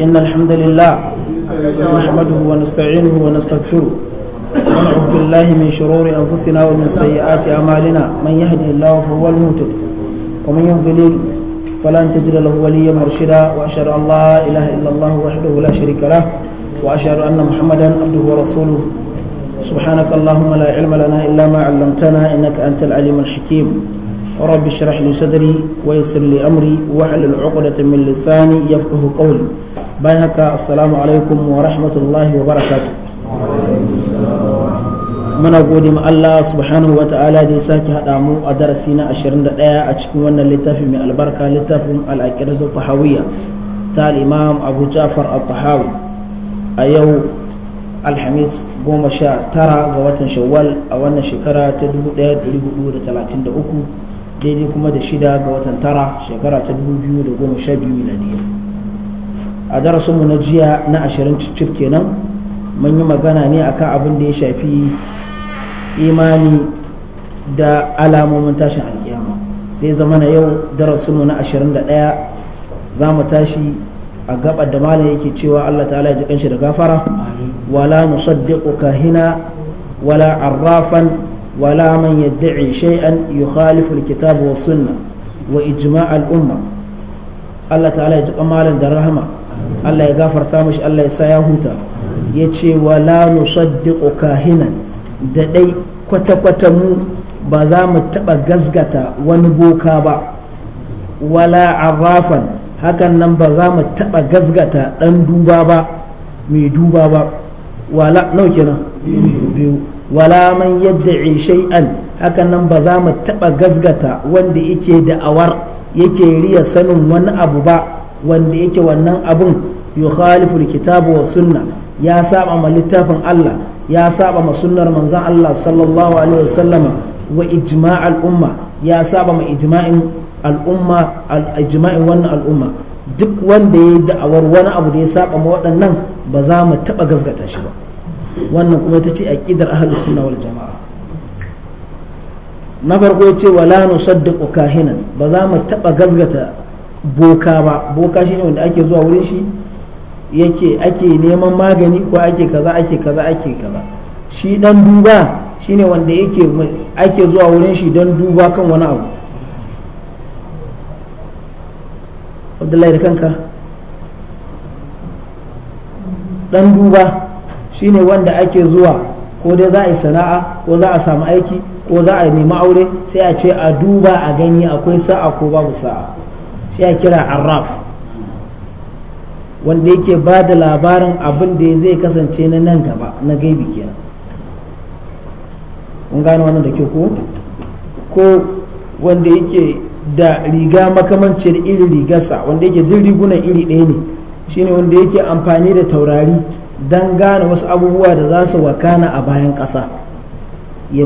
إن الحمد لله نحمده ونستعينه ونستغفره ونعوذ بالله من شرور أنفسنا ومن سيئات أعمالنا من يهدي الله فهو المهتد ومن يضلل فلن تجد له وليا مرشدا وأشهد أن لا إله إلا الله وحده لا شريك له وأشهد أن محمدا عبده ورسوله سبحانك اللهم لا علم لنا إلا ما علمتنا إنك أنت العليم الحكيم رب اشرح لي صدري ويسر لي أمري واحلل عقدة من لساني يفقه قولي bayan haka assalamu alaikum wa rahmatullahi wa barakatu muna gode ma Allah subhanahu wa ta'ala da ya sake haɗa mu a darasi na 21 a cikin wannan littafi mai albarka littafin al'aqidatu tahawiyya ta al-imam Abu Ja'far al-Tahawi a yau alhamis goma sha tara ga watan shawwal a wannan shekara ta 1433 daidai kuma da shida ga watan tara shekara ta 2012 miladiyya a darasinmu na jiya na ashirin cicif kenan mun yi magana ne akan abin da ya shafi imani da alamomin tashin alkiyama sai zamana yau darasinmu na ashirin da ɗaya za mu tashi a gabar da malam yake cewa Allah ta'ala ya ji kanshi da gafara wala nusaddiqu kahina wala arrafan wala man yad'i shay'an yukhalifu alkitabu was sunna wa ijma' al-umma Allah ta'ala ya ji malam da rahama Allah ya gafarta mashi Allah ya sa ya huta ya ce wa la nusaddiqu kahinan da dai kwata-kwata mu ba za mu taɓa gasgata wani boka ba wala arrafan hakan nan ba za mu taɓa gasgata ɗan duba ba mai duba ba wala nau kenan wala man yadda shay'an hakan nan ba za mu taɓa gasgata wanda yake awar yake riya sanin wani abu ba wanda yake wannan abun yukhalifu kitabu wa sunna ya saba ma littafin Allah ya saba ma sunnar manzon Allah sallallahu alaihi wasallama wa ijma'al umma ya saba ma ijma'in al'umma ijma'in wannan al'umma duk wanda ya da'awar wani abu da ya saba ma waɗannan ba za mu taɓa gazgata shi ba wannan kuma ita ce aqidar ahlus sunna wal jama'a na farko ya ce wala nusaddiqu kahinan ba za mu taɓa gazgata. boka ba boka shine wanda ake zuwa wurin shi yake ake neman magani ko ake kaza ake kaza ake kaza shi dan duba shine wanda yake ake zuwa wurin shi don duba kan wani abu abdullahi da kanka dan duba shine wanda ake zuwa ko dai za a yi sana'a ko za a samu aiki ko za a nemi aure sai a ce a duba a gani akwai sa'a ko babu sa'a shi ya kira arraf wanda yake ba da labarin abin da zai kasance na nan gaba na gaibi kenan kun gano wannan da ke ko ko wanda yake da riga makamancin irin rigarsa wanda yake jin rigunan iri ɗaya ne shine wanda yake amfani da taurari don gane wasu abubuwa da za su wakana a bayan ƙasa ya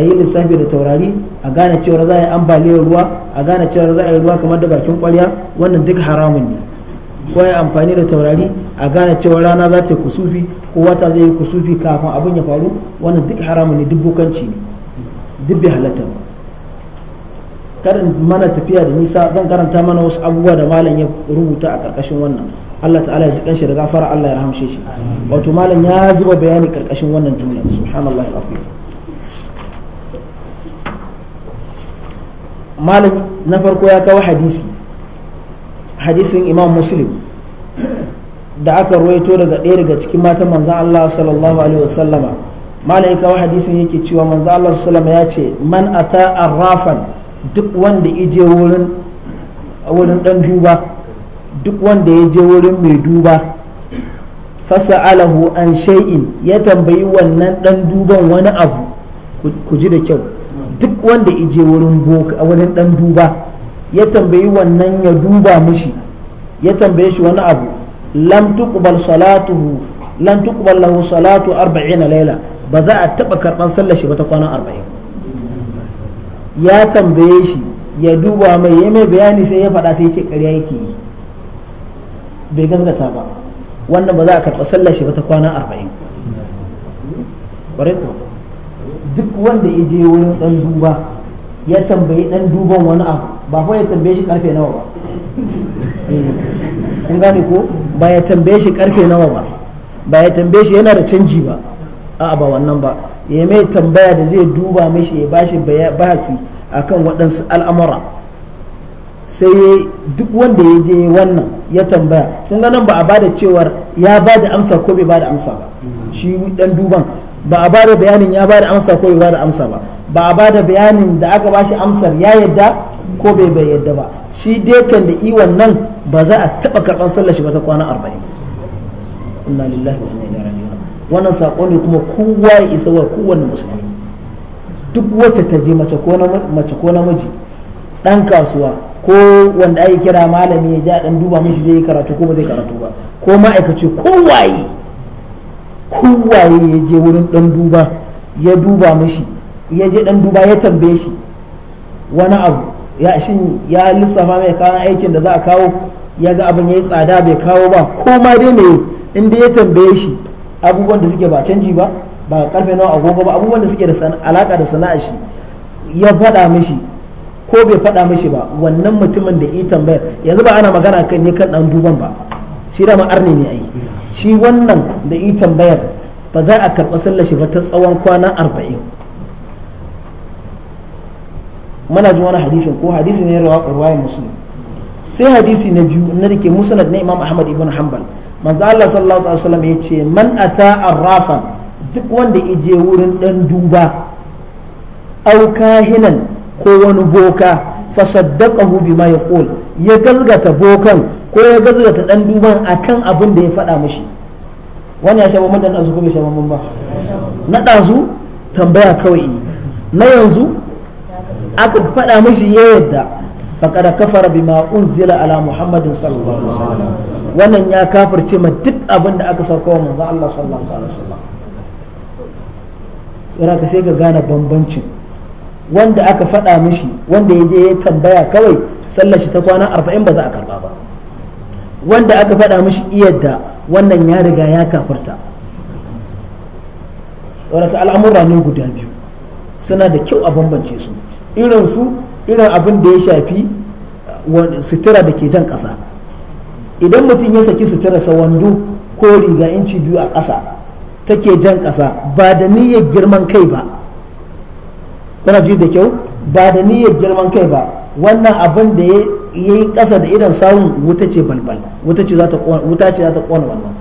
yi lissafi da taurari a gane cewar za a yi ambaliyar ruwa a gane cewar za a yi ruwa kamar da bakin kwarya wannan duk haramun ne ko ya amfani da taurari a gane cewar rana za ta yi kusufi ko wata zai yi kusufi kafin abin ya faru wannan duk haramun ne duk bukanci ne duk bai halatta ba karin mana tafiya da nisa zan karanta mana wasu abubuwa da malam ya rubuta a karkashin wannan Allah ta'ala ya ji kanshi da gafara Allah ya rahamshe shi wato malam ya zuba bayani karkashin wannan jumla subhanallahi alazim malam na farko ya kawo hadisi hadisin imam muslim da aka ruwaito daga ɗaya daga cikin matan manzan Allah sallallahu alaihi wasallama malam ya kawo hadisin yake cewa manzan Allah sallallahu ya ce man ata arrafan duk wanda ya je wurin wurin duba duk wanda ya je wurin mai duba fasa'alahu an shay'in ya tambayi wannan dan duban wani abu ku ji da kyau duk wanda ije wurin boka wurin dan duba ya tambayi wannan ya duba mishi ya tambaye shi wani abu lam tuqbal salatuhu lam tuqbal lahu salatu 40 laila ba za a taba karban sallar shi ba ta kwana 40 ya tambaye shi ya duba mai ya mai bayani sai ya faɗa sai ya ce ƙarya yake yi bai gaskata ba wannan ba za a karɓa sallar shi ba ta kwana 40 ƙwarai duk wanda ya je wurin dan duba ya tambayi dan duban wani abu ba kawai ya tambaye shi karfe nawa ba eh, kun gane ko ba ya tambaye shi karfe nawa ba ba ya tambaye shi yana da canji ba a'a ba wannan ba ya mai tambaya da zai duba mishi ya bashi bahasi akan waɗansu al'amura sai duk wanda ya je wannan ya tambaya kun ba a bada cewar ya bada amsa ko bai bada amsa ba shi dan duban ba a bada bayanin ya bada amsa ko bai bada amsa ba ba a bada bayanin da aka bashi amsar ya yadda ko bai bai yadda ba shi dai da iwon nan ba za a taba karban sallar shi ba ta kwana 40 inna lillahi wa inna ilaihi wannan sako ne kuma kowa ya isa wa kowanne musulmi duk wacce ta je mace ko mace ko namiji dan kasuwa ko wanda ake kira malami ya ja dan duba mishi zai karatu ko ba zai karatu ba ko ma'aikaci kowa kowaye ya je wurin dan duba ya duba mashi ya je dan duba ya tambaye shi wani abu ya shin ya lissafa mai kayan aikin da za a kawo ya ga abin ya yi tsada bai kawo ba ko ma dai me inda ya tambaye shi abubuwan da suke ba canji ba ba karfe nawa agogo ba abubuwan da suke da alaka da sana'a shi ya faɗa mashi ko bai faɗa mashi ba wannan mutumin da ya tambayar yanzu ba ana magana kan ne kan dan duban ba shi da arne ne ai shi wannan da yi tambayar ba za a karɓa sallar shi ba ta tsawon kwana arba'in muna jin wani hadisin ko hadisi ne ruwayan musulun sai hadisi na biyu na da ke musnad na imam ahmad ibn hanbal manzo Allah sallallahu alaihi wasallam ya ce man ata arrafan duk wanda ije wurin dan duba au kahinan ko wani boka fasaddaqahu bima yaqul ya gazgata bokan ko ya ta dan duban akan abin da ya faɗa mishi wani ya shaba bambam da ɗazu ko bai sha bambam ba na ɗazu tambaya kawai na yanzu aka faɗa mishi ya yadda faƙada kafara bima unzila ala muhammadin sallallahu alaihi wasallam wannan ya kafirce ma duk abin da aka sauka wa manzo Allah sallallahu alaihi wasallam yana ka sai ka gane bambancin wanda aka faɗa mishi wanda ya je ya tambaya kawai sallar shi ta kwana arba'in ba za a karba ba wanda aka faɗa mishi da wannan ya riga ya kafarta wadda al'amura ne guda biyu suna da kyau a bambance su irin su irin abin da ya shafi sutura da ke jan ƙasa idan mutum ya saki sutura sa wando ko riga inci biyu a ƙasa take jan ƙasa ba da niyyar girman kai ba kuna ji da kyau ba da niyyar girman kai ba wannan abin da ya yayi ƙasa da idan sawun wuta ce balbal wuta ce za ta wuta ce za kona wannan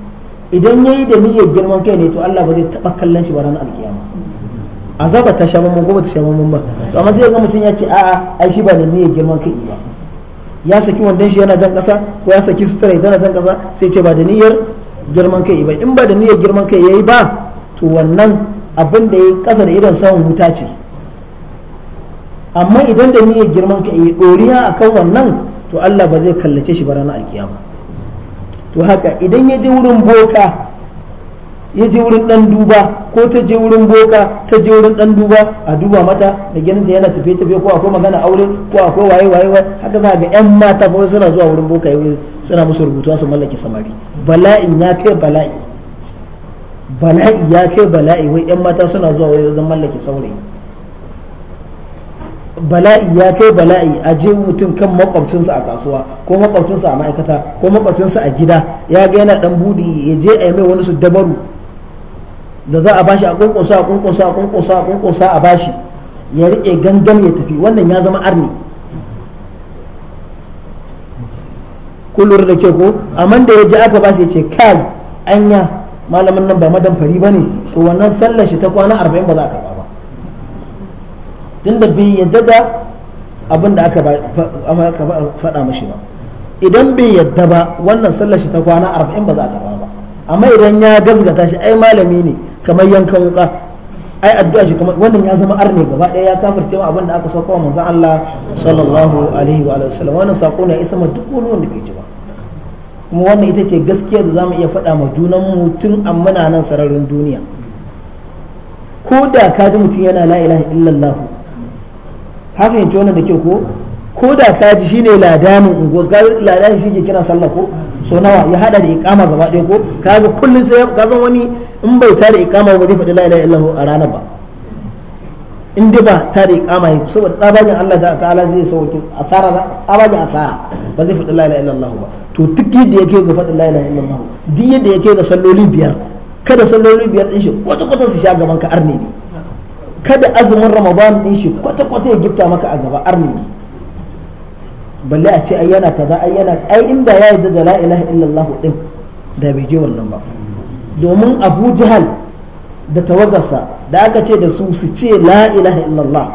idan yayi da niyyar girman kai ne to Allah ba zai taba kallon shi ba ranar alkiyama azaba ta sha mamman gobe ta sha mamman ba to amma zai ga mutum ya ce a ai shi ba da niyyar girman kai ba ya saki wandon shi yana jan ƙasa ko ya saki sutura yana jan ƙasa sai ce ba da niyyar girman kai ba in ba da niyyar girman kai ya yi ba to wannan abin da ya ƙasa da idan sawun wuta ce amma idan da niyyar girman ka yi eh, doriya kan wannan to Allah ba zai kallace shi ba ranar alkiyama to haka idan ya je wurin boka ya je wurin dan duba ko ta je wurin boka ta je wurin dan duba a duba mata da ganin da yana tafiye tafiye ko akwai magana aure ko akwai waye waye haka za ga yan mata ba suna zuwa wurin boka eh, suna musu rubutu su mallake samari bala'in ya kai bala'i bala'i ya kai bala'i wai yan mata suna zuwa wurin mallake saurayi bala'i ya kai bala'i a je mutum kan makwabcinsa a kasuwa ko makwabcinsa a ma'aikata ko makwabcinsa a gida ya ga yana dan budi ya je a yi mai wani su dabaru da za a bashi a kunkunsa a kunkunsa a kunkunsa a kunkunsa a bashi ya rike gangan ya tafi wannan ya zama arni kullum da ke ko amma da ya ji aka bashi ya ce kai anya malamin nan ba madan fari ne to wannan sallar shi ta kwana 40 ba za a tunda bai yadda da abin da aka faɗa mashi ba idan bai yadda ba wannan sallar shi ta kwana arba'in ba za a karɓa ba amma idan ya gazgata shi ai malami ne kamar yankan wuka ai addu'a shi kamar wannan ya zama arne gaba ɗaya ya kafirce ma abin da aka sauka wa manzon Allah sallallahu alaihi wa wasallam wannan sako ne isa ma duk wani wanda bai ji ba kuma wannan ita ce gaskiya da zamu iya faɗa ma junan mu tun nan sararin duniya ko da ka ji mutum yana la ilaha illallah ka fahimci wannan da ke ko ko da ka ji shine ladanin ungos ga ladanin shi ke kira sallah ko so nawa ya hada da ikama gaba ɗaya ko ga kullun sai ka zan wani in bai tare ikama ba zai faɗi la ilaha illallah a rana ba in dai ba tare ikama yi saboda tsabajin Allah da ta'ala zai sauke asara da tsabajin asara ba zai faɗi la ilaha illallah ba to duk yadda yake ga faɗi la ilaha illallah duk yadda yake ga salloli biyar kada salloli biyar din shi kwata kwata su sha gaban ka arne ne kada azumin ramadan din shi kwata-kwata ya gifta maka a gaba arniki balle a ce ai yana kaza ai yana ai inda ya yi da la ilaha illallah din da bai je wannan ba domin abu jihal da tawagarsa da aka ce da su su ce la ilaha illallah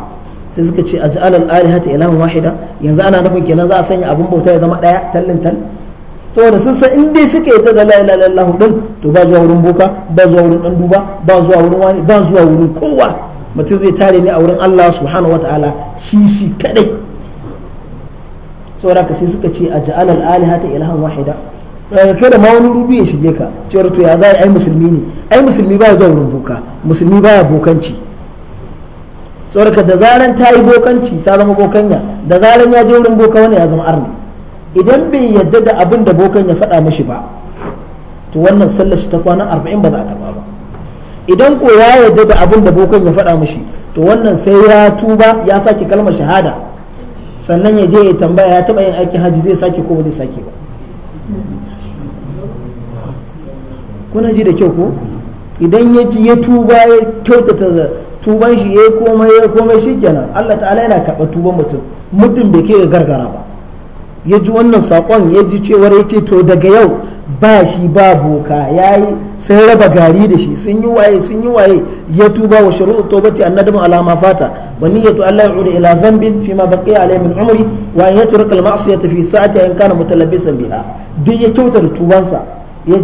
sai suka ce aj'al al alihata ilahan wahida yanzu ana nufin kenan za a sanya abun bauta ya zama daya tallin tal saboda sun san in dai suka yarda da la ilaha illallah din to ba zuwa wurin boka ba zuwa wurin dan duba ba zuwa wurin kowa mutum zai tare ne a wurin Allah subhanahu wataala shi shi kadai saboda ka sai suka ce a ja'al al ta ilahan wahida eh, kai da ma wani rudu ya shige ka cewar to ya zai ai musulmi ne ai musulmi baya zuwa wurin boka musulmi baya bokanci ka da zaran ta yi bokanci ta zama bokanya da zaran ya je wurin boka wani ya zama arni idan bai yadda da abin da bokan ya faɗa mashi ba to wannan sallar shi ta kwana arba'in ba za a idan ko ya yarda da abin da bokan ya faɗa mishi to wannan sai ya tuba ya sake kalmar shahada sannan ya je ya tambaya ya taɓa yin aikin hajji zai sake ko ba zai sake ba kuna ji da kyau ko idan ya ya tuba ya kyautata tuban shi ya komai ya komai shikenan Allah ta'ala yana karɓar tuban mutum mutum bai kai ga gargara ba ya ji wannan saƙon ya ji cewar ya ce to daga yau ba shi ba boka ya yi sun raba gari da shi sun yi waye sun yi waye ya tuba wa shuru'u tawbati annadamu alama ma fata wa niyyatu alla yu'uda ila dhanbin fi ma baqiya alayhi min umri wa an yatruka al ma'siyata fi sa'ati in kana mutalabbisan biha duk ya kyauta da tubansa ya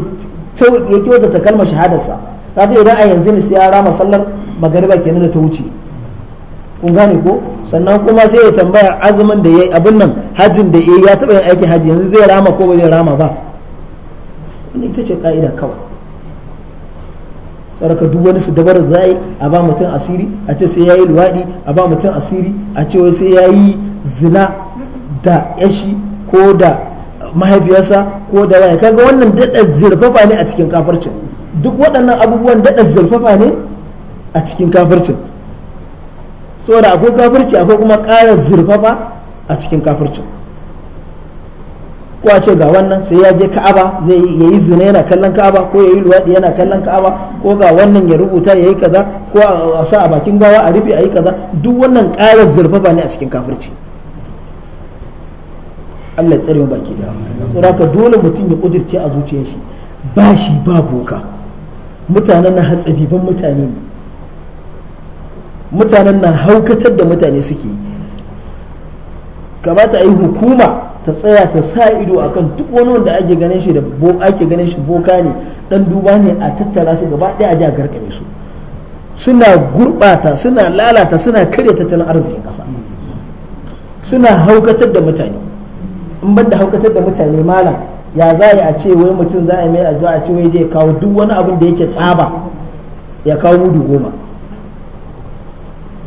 kyauta ta kalmar shahadarsa kaga idan a yanzu ne sai ya rama sallar magariba kenan da ta wuce kun gane ko sannan kuma sai ya tambaya azumin da ya yi abin nan hajjin da ya yi ya taɓa yin aikin hajji yanzu zai rama ko ba zai rama ba wannan ita ce ka'ida kawai saraka duk wani su dabar da za a ba mutum asiri a ce sai ya yi luwaɗi a ba mutum asiri a ce wai sai ya zina da yashi ko da mahaifiyarsa ko da waya kaga wannan daɗa zirfafa ne a cikin kafircin duk waɗannan abubuwan daɗa zirfafa ne a cikin kafircin saboda akwai kafirci akwai kuma ƙara zurfafa a cikin kafircin ko a ce ga wannan sai ya je ka'aba zai ya yi zina yana kallon ka'aba ko ya yi luwaɗi yana kallon ka'aba ko ga wannan ya rubuta ya yi kaza ko a sa a bakin gawa a rufe a yi kaza duk wannan ƙara zurfafa ne a cikin kafirci Allah ya tsare mu baki da saboda dole mutum ya kudirce a zuciyar shi ba shi ba boka mutanen na hatsabi ban mutane ne mutanen nan haukatar da mutane suke kamata a yi hukuma ta tsaya ta sa ido akan duk wani wanda ake ganin shi da boka ne dan duba ne a tattara su gaba ɗaya a ji a su suna gurɓata suna lalata suna karya tattalin arzikin ƙasa suna haukatar da mutane in ban da haukatar da mutane malam ya za a ce wai mutum za a yi mai addu'a a ce wai zai kawo duk wani abin da yake tsaba ya kawo mudu goma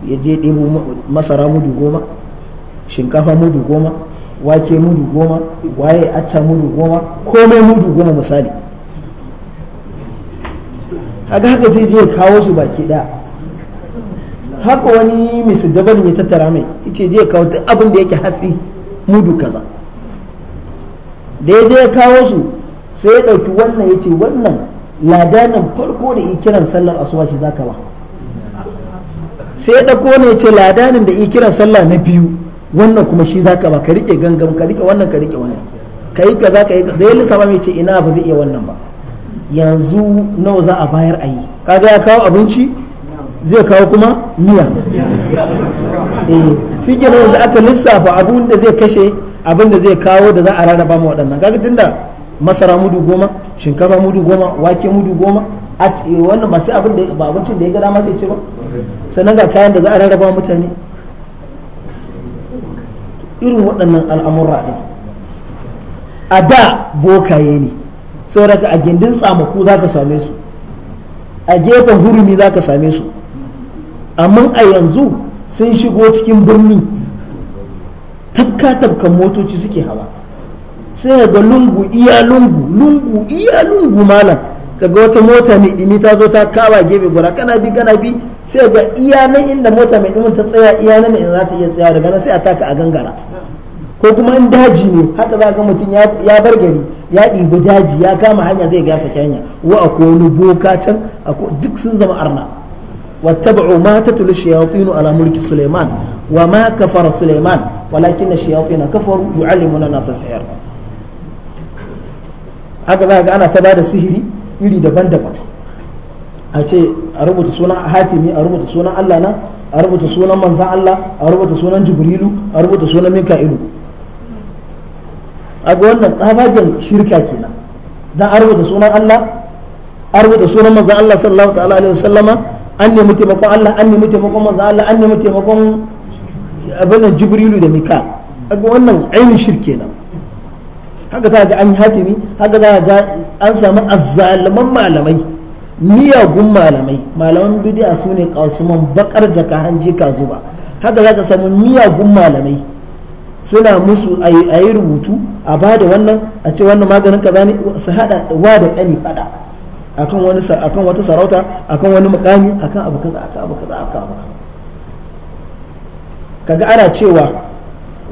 ya je ɗebo masara mudu goma shinkafa mudu goma wake mudu goma waye acca mudu goma komai mudu goma misali haka haka sai je kawo su baki ɗaya haka wani misu dabarin ya tattara mai yace je kawo duk abin da yake hatsi mudu kaza da ya je kawo su sai ya ɗauki wannan ya ce wannan ladanin farko da ikiran sallar asuwa shi zaka ba sai ya ɗauko ne ce ladanin da kiran sallah na biyu wannan kuma shi zaka ba ka rike gangam ka rike wannan ka rike wannan ka yi kaza ka yi da ya lissafa mai ce ina ba zai iya wannan ba yanzu nawa za a bayar a yi kaga ya kawo abinci zai kawo kuma miya eh shi ke yanzu aka lissafa abun da zai kashe abin da zai kawo da za a rarraba ma waɗannan kaga tunda masara mudu goma shinkafa mudu goma wake mudu goma a wannan masu abin da ba abincin da ya ga dama zai ce ba sannan ga kayan da za a rarraba mutane irin waɗannan al'amurra ɗin a da bokaye ne saboda a gindin tsamaku za ka same su a gefen hurumi za ka same su amma a yanzu sun shigo cikin birni tafka-tafkan motoci suke hawa sai ga lungu iya lungu lungu iya lungu malam kaga wata mota mai ɗini ta zo ta kawa gefe gura kana bi kana bi sai ga iya nan inda mota mai ɗumin ta tsaya iya nan inda za ta iya tsayawa daga nan sai a taka a gangara ko kuma in daji ne haka za ga mutum ya bar gari ya ɗibi daji ya kama hanya zai gasa kyanya wa akwai wani boka can duk sun zama arna wattabu ma ta tulu shayatinu ala mulki suleiman wa ma kafara suleiman walakin na shayatinu kafaru yu'allimu na nasa sayar haka za ga ana ta bada sihiri iri daban-daban a ce a rubuta sunan hatimi a rubuta sunan Allah na a rubuta sunan manzan Allah a rubuta sunan jibrilu a rubuta sunan mika'ilu a ga wannan tsabagen shirka kenan dan a rubuta sunan Allah a rubuta sunan manzan Allah sallallahu ta'ala alaihi wasallama an nemi taimakon Allah an nemi taimakon manzan Allah an nemi taimakon abin jibrilu da mika a ga wannan ainihin shirke nan haka za ga an hatimi haka za ga an samu azzalaman malamai miyagun malamai malaman bidiya su ne kasuman bakar jaka hanji zuba haka za ka samu miyagun malamai suna musu a yi rubutu a ba da wannan a ce wannan maganin kaza ne su hada wa da kani fada akan wani akan wata sarauta akan wani mukami akan abu kaza akan abu kaza akan abu kaga ana cewa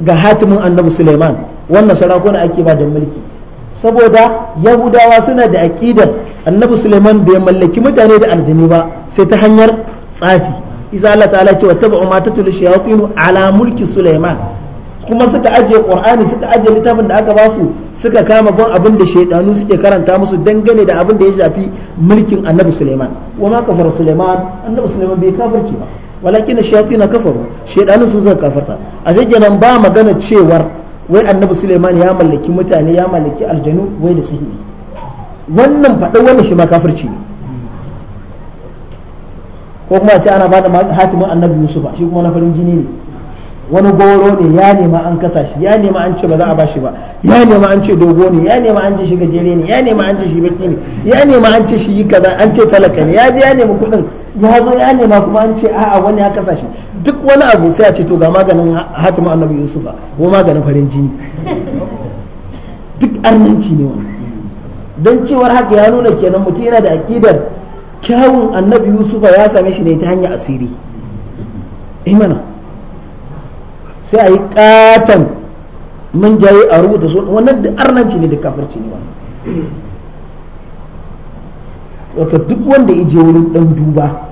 ga hatimin annabi Suleiman wannan sarakuna ake ba da mulki saboda yahudawa suna da aƙidar annabi suleiman bai mallaki mutane da aljanu ba sai ta hanyar tsafi isa Allah ta'ala cewa tabu'u ma tatlu shayatin ala mulki suleiman kuma suka ajiye qur'ani suka ajiye littafin da aka basu suka kama bin abin da shaydanu suke karanta musu dangane da abin da ya shafi mulkin annabi suleiman wa ma kafara suleiman annabi suleiman bai kafirci ba walakin shayatin kafaru shaydanu sun zaka kafarta a kenan ba magana cewar wai annabi suleiman ya mallaki mutane ya mallaki aljanu wai da sihiri wannan faɗa wani shi ma kafirci ne ko kuma a ce ana ba da hatimin annabi yusufa shi kuma na farin jini ne wani goro ne ya nema an kasa shi ya nema an ce ba za a bashi ba ya nema an ce dogo ne ya nema an ce shi gajere ne ya nema an ce shi baki ne ya nema an ce shi yi kaza an ce talaka ne ya je ya nema kuɗin ya zo ya nema kuma an ce a'a wani ya kasa shi duk wani abu sai a ce to ga maganin hatimu annabi yusuf ba ko maganin farin jini duk arminci ne wani don cewar haka ya nuna kenan mutum yana da aƙidar kyawun annabi yusuf ya same shi ne ta hanyar asiri imana eh sai a yi katon mun jaye a rubuta su wannan da arnanci ne da kafirci ne wannan wato duk wanda ya je wurin dan duba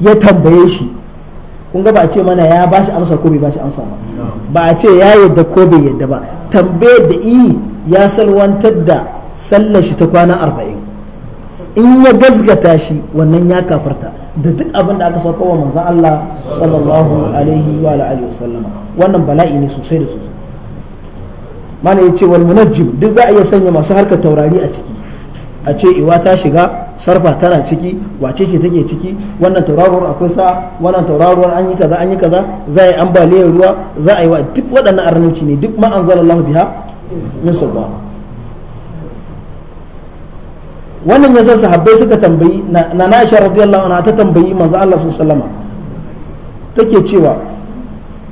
ya tambaye shi kun ga ba a ce mana ya ba shi amsa ko bai ba shi amsa ba ba a ce ya yadda ko bai yadda ba tambaye da i ya salwantar da sallar shi ta kwana arba'in in ya gazgata shi wannan ya kafarta da duk abin da aka sauka wa manzon Allah sallallahu alaihi wa alihi wasallama wannan bala'i ne sosai da sosai mana yace wal munajjim duk za a iya sanya masu harkar taurari a ciki a ce iwa ta shiga sarfa tana ciki wace ce take ciki wannan tauraruwar akwai sa wannan tauraruwar an yi kaza an yi kaza za a yi ambaliyar ruwa za a yi wa duk waɗannan arnauci ne duk ma anzalallahu biha min sultan wannan yasa sahabbai suka tambayi na na Aisha radiyallahu anha ta tambayi manzo Allah sallallahu take cewa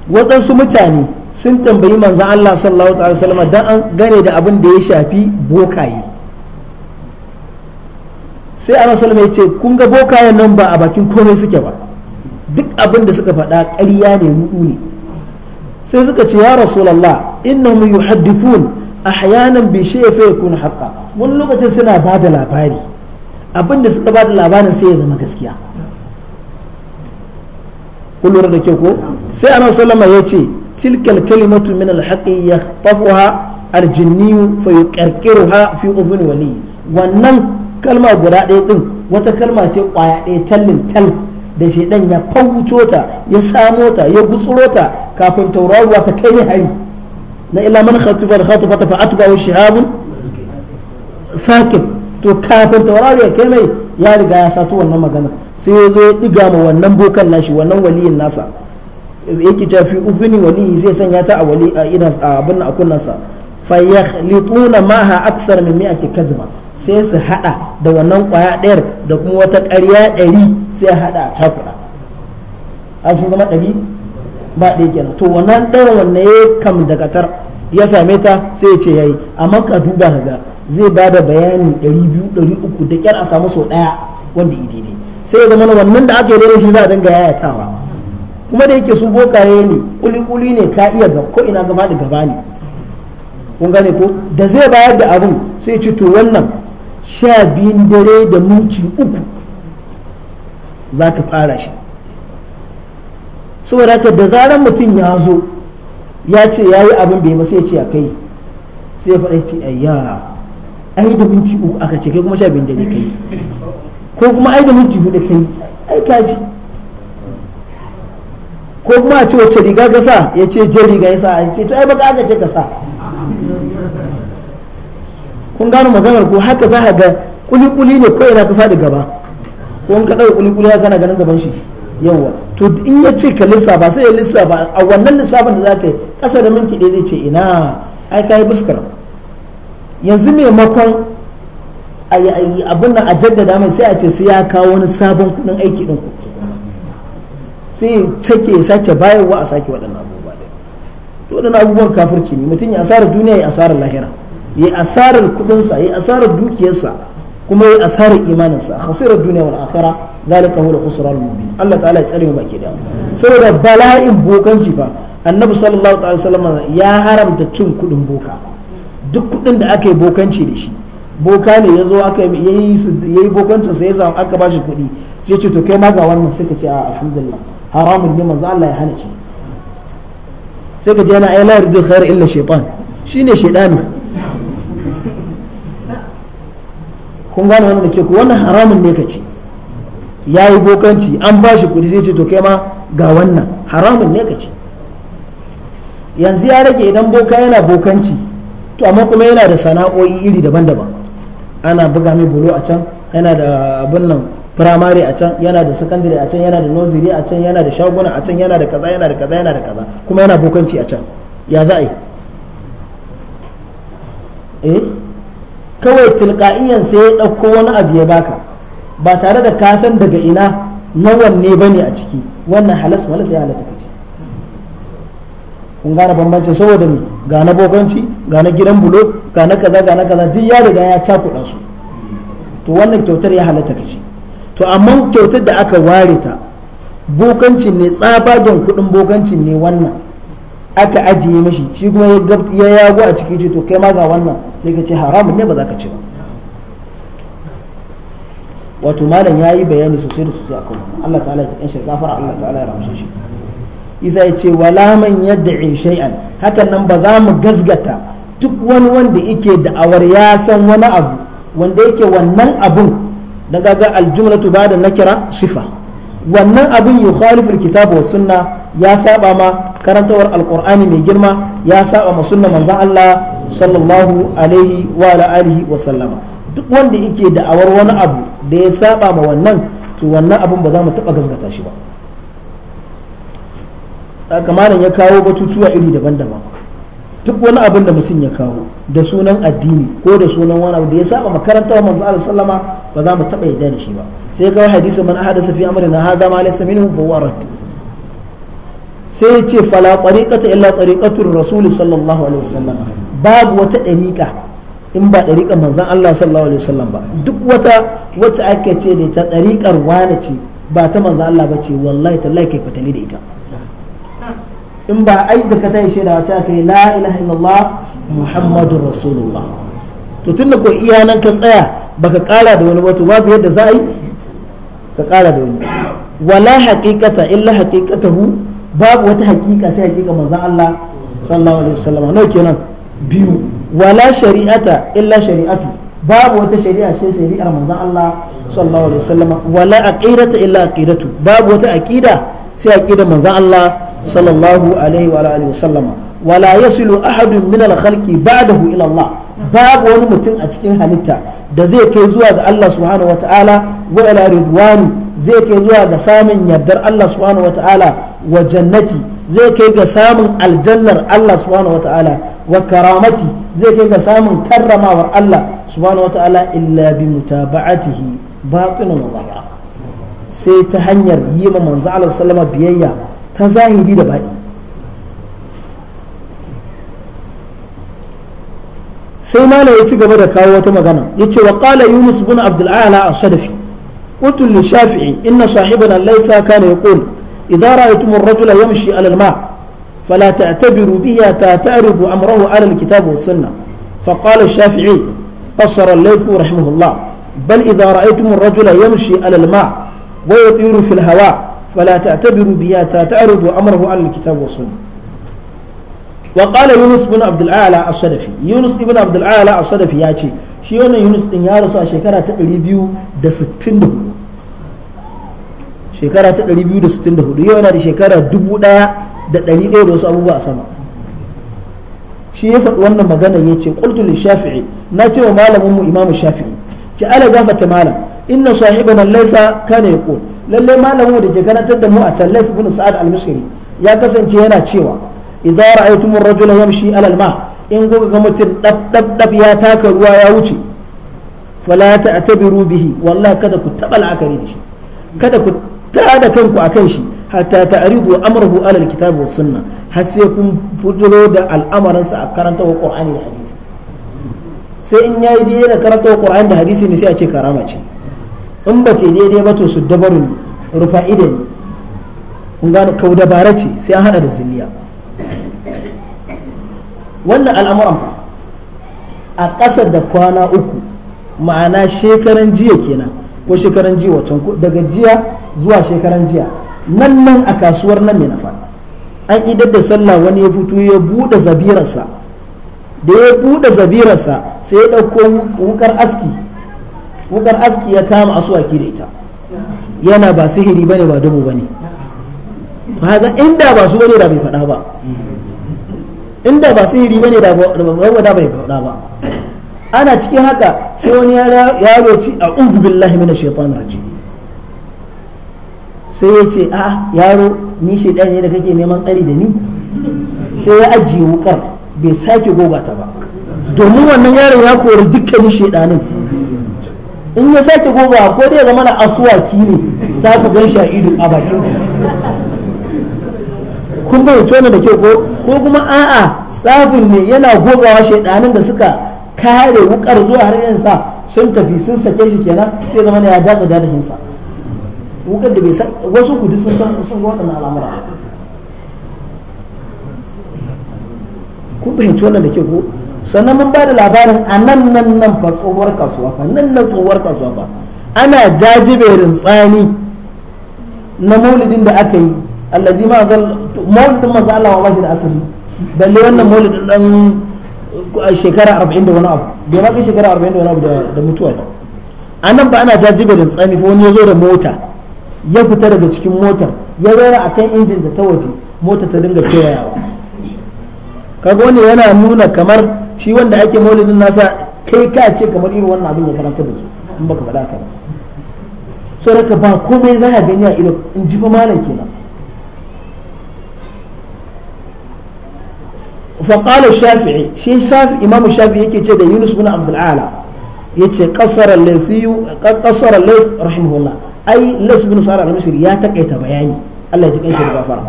waɗansu mutane sun tambayi manzo Allah sallallahu alaihi dan an gane da abin da ya shafi bokaye sai Allah sallallahu ya ce kun ga bokayen nan ba a bakin komai suke ba duk abin da suka faɗa ƙarya ne ruɗu ne sai suka ce ya rasulullah innahum yuhaddithun ahyanan bi ya fiye kuna haƙa wani lokacin suna ba da labari abinda suka ba da labarin sai ya zama gaskiya kullum da ke ko sai anan sallama ya ce tilkal kalimatu min alhaqi yaqtafuha aljinni fa ha fi udhun wali wannan kalma guda ɗaya din wata kalma ce kwaya ɗaya tallin tal da shedan ya fawuto ta ya samo ya gutsuro ta kafin tauraruwa ta kai hari na illa man khatifa da khatifa fa wa shihabun sakin to kafin ya kai mai ya riga ya sato wannan magana sai ya zo ya diga ma wannan bokan nashi wannan waliyin nasa yake ta fi ufini waliyi zai sanya ta a wali a idan abin a kunnansa fa yakhlituna maha aksar min mi'ati kazuma sai su hada da wannan kwaya ɗayar da kuma wata karya ɗari sai hada a cakuɗa zama ɗari ba ɗaya kenan to wannan dan wanne ya kam da katar ya same ta sai ya ce yayi amma ka duba ga zai ba da bayani ɗari 200 300 da kyar a samu sau ɗaya wanda ya daidai sai ya zama wannan da aka yi shi za a dinga yayatawa kuma da yake su bokaye ne kuli-kuli ne ka iya ga ko ina gaba da gaba ne kun gane ko da zai bayar da abun sai ci to wannan sha biyun dare da minti uku za ka fara shi saboda ta da zaran mutum ya zo ya ce ya yi abin bai masu ya ce a kai sai ya faɗa ce a ai da minti uku aka ce kai kuma sha biyun da ne kai ko kuma ai da minti huɗu kai ai kaji ko kuma a ce wacce riga ka sa ya ce je riga ya sa ya ce to ai baka aka ce ka sa kun gano maganar ko haka za ka ga kuli-kuli ne ko yana ka faɗi gaba ko in ka ɗauka kuli-kuli kana ganin gaban shi yawa to in ya ce ka lissafa sai ya lissafa a wannan lissafin da za ka yi ƙasa da minti ɗaya zai ce ina ai ka yi fuskar yanzu maimakon abin nan a jaddada mai sai a ce sai ya kawo wani sabon kuɗin aiki ɗin ku sai take ya sake bayarwa a sake waɗannan abubuwa ɗin to waɗannan abubuwan kafirci ne mutum ya asarar duniya ya asarar lahira ya asarar kuɗinsa ya asarar dukiyarsa kuma ya asarar imaninsa hasirar duniya wal akhirah zalika huwa khusran mubin Allah ta'ala ya tsare mu baki da saboda bala'in bokanci fa annabi sallallahu alaihi wasallam ya haramta cin kudin boka duk kudin da aka yi bokanci da shi boka ne ya zo aka yi yayi bokancin sa ya samu aka ba shi kudi sai ce to kai ma ga wannan sai ka ce a alhamdulillah haramun ne manzo Allah ya hana shi sai ka je yana ai la yurdu khair illa shaytan shine shaytani kun gane wannan da ke ku wannan haramun ne ka ce ya yi bokanci an ba shi kudi zai ce to kai ma ga wannan haramun ne ka yanzu ya rage idan boka yana bokanci to amma kuma yana da sana'o'i iri daban-daban ana buga mai bulo a can yana da abin nan firamare a can yana da sakandare a can yana da noziri a can yana da shaguna a can yana da kaza yana da kaza yana da kaza kuma yana bokanci a can ya za a yi eh? kawai tilka'iyan sai ya ɗauko wani abu ya baka ba tare da kasan daga ina na wanne ba ne a ciki wannan halas malas ya halatta kace kun gane bambancin saboda me ga na bokanci ga na gidan bulo ga na kaza ga na kaza duk ya riga ya cakuɗa su to wannan kyautar ya halatta kace to amma kyautar da aka ware ta bokancin ne tsabagen kuɗin bokancin ne wannan aka ajiye mashi shi kuma ya yago a ciki ce to kai ma ga wannan sai ka ce haramun ne ba za ka ci ba wato malam ya yi bayani sosai da sosai akan wannan Allah ta'ala ya kanshi gafara Allah ta'ala ya rahmshe shi isa ya ce wala man yad'i shay'an hakan nan ba za mu gazgata duk wani wanda yake da'awar ya san wani abu wanda yake wannan abun da gaga aljumlatu ba da nakira sifa wannan abun yukhaliful kitabu wa sunna ya saba ma karantawar alkur'ani mai girma ya saba ma sunna manzon Allah sallallahu alaihi wa alihi wa sallama duk wanda yake da'awar wani abu da ya saba ma wannan to wannan abin ba za mu taɓa gazgata shi ba kamalan ya kawo batutuwa iri daban-daban duk wani abun da mutum ya kawo da sunan addini ko da sunan wani abu da ya saba makaranta wa manzo Allah sallama ba za mu taba yadda da shi ba sai ga hadisi man ahadasa fi amrina hadha ma laysa minhu fa huwa rad sai ya ce fala tariqata illa tariqatu rasul sallallahu alaihi wasallam babu wata dariqa in ba ɗariƙar manzan Allah sallallahu alaihi wasallam ba duk wata wacce ake ce da ta ɗariƙar wane ce ba ta manzan Allah ba ce wallahi tallahi kai fatali da ita in ba ai da ka tayi shaida wata yi la ilaha illallah muhammadur rasulullah to tunda ko iya nan ka tsaya baka ƙara da wani wato babu yadda za a yi ka ƙara da wani wala haqiqata illa haqiqatahu babu wata haqiqa sai haqiqa manzan Allah sallallahu alaihi wasallam nawa kenan biyu wala shari'ata illa shari'atu babu wata shari'a sai shari'ar manzon Allah sallallahu alaihi wasallam wala aqidata illa aqidatu babu wata aqida sai aqidar manzon Allah sallallahu alaihi wa alihi wasallam wala yasilu ahadun min khalki khalqi ba'dahu ila Allah babu wani mutum a cikin halitta da zai kai zuwa ga Allah subhanahu wa ila ridwani zai kai zuwa ga samun yardar Allah subhanahu wataala wa jannati zai kai ga samun aljannar Allah subhanahu wataala wa karamati zai kai ga samun karramawar Allah subhanahu wata'ala illa bi mutaba'atihi batinan wa zahira sai ta hanyar yi ma manzo Allah sallama biyayya ta zahiri da baɗi sai malam ya ci gaba da kawo wata magana ya ce waƙala yunus bin abdul a'la as-sadafi قلت للشافعي إن صاحبنا ليس كان يقول إذا رأيتم الرجل يمشي على الماء فلا تعتبروا بها تعترضوا أمره على الكتاب والسنة فقال الشافعي قصر الليث رحمه الله بل إذا رأيتم الرجل يمشي على الماء ويطير في الهواء فلا تعتبروا بها تعترضوا أمره على الكتاب والسنة وقال يونس بن عبد الأعلى الصدفي يونس بن عبد الأعلى الصدفي ياتي shi wannan yunus din ya rasu a shekara ta 264 shekara ta 264 yau yana da shekara 1000 da ɗari ɗaya da wasu abubuwa a sama shi ya faɗi wannan magana ya ce ƙultu shafi'i na ce wa malamin mu imamu shafi'i ce ala gafata malam inna sahibana laysa kana yaqul lalle malamin mu da ke karantar da mu a tallaf ibn sa'ad al-misri ya kasance yana cewa idza ra'aytum ar-rajula yamshi ala al-ma in kuka ga mutum dab dab dab ya taka ruwa ya wuce fala ta'tabiru bihi wallahi kada ku taba la'akari da shi kada ku tada kanku akan shi hatta aridu amrahu ala alkitabi wa sunna har sai kun fitilo da al'amarin sa a karanta wa qur'ani da hadisi sai in yayi dai da karanta wa qur'ani da hadisi ne sai a ce karama ce in ba ke dai ba to su dabarun rufa ida ne kun gane kau dabara ce sai an hada da zilliya wannan al'amuran fa a ƙasar da kwana uku ma'ana shekaran jiya kenan ko shekaran jiya wacan daga jiya zuwa shekaran jiya nan nan a kasuwar nan ne na faɗa an idar da sallah wani ya fito ya buɗe zabirarsa da ya buɗe zabirarsa sai ya ɗauko wukar aski wukar aski ya kama suwaki da ita yana ba sihiri bane ba dubu bane haka inda ba su bane da bai faɗa ba inda ba sihiri bane da bai faɗa ba ana cikin haka sai wani yaro ci a billahi mina shaitan rajim sai ya ce a ah, yaro ni shaidan ne da kake neman tsari da ni sai ya ajiye wukar bai sake gogata ba domin wannan yaron ya kori dukkanin shaidanin in ya sake goga ko dai zama na asuwaki ne za ku gan sha ido a bakin kun fahimci wannan da ke ko kuma a'a tsabin ne yana gogawa shaidanin da suka kare wukar zuwa har yansa sun tafi sun sake shi kenan sai zama ya datsa dadahinsa wukar da bai san wasu gudu sun san sun ga waɗannan al'amura ku fahimci wannan da ke ko sannan mun ba da labarin a nan nan nan fa tsohuwar kasuwa fa nan nan tsohuwar kasuwa fa ana jajiberin tsani na maulidin da aka yi allazi ma zal maulidin manzo Allah wa bashi da asali balle wannan maulidin dan shekara 40 da wani abu bai ma kai shekara 40 da wani abu da mutuwa a nan ba ana jajiberin tsani fa wani ya zo da mota ya fita daga cikin motar ya rera a kan injin da ta waje mota ta dinga kewayawa kaga wani yana nuna kamar shi wanda ake maulidin nasa kai ka ce kamar irin wannan abin ya karanta da su in baka faɗa ka ba so raka ba komai za ka gani a ido in ji fa malam kenan fa qala shafi'i shi shafi imamu shafi'i yake ce da yunus bin abdul ala yace qasara lathiyu qasara lath rahimahullah ai lath bin al-misri ya takaita bayani Allah ya da gafara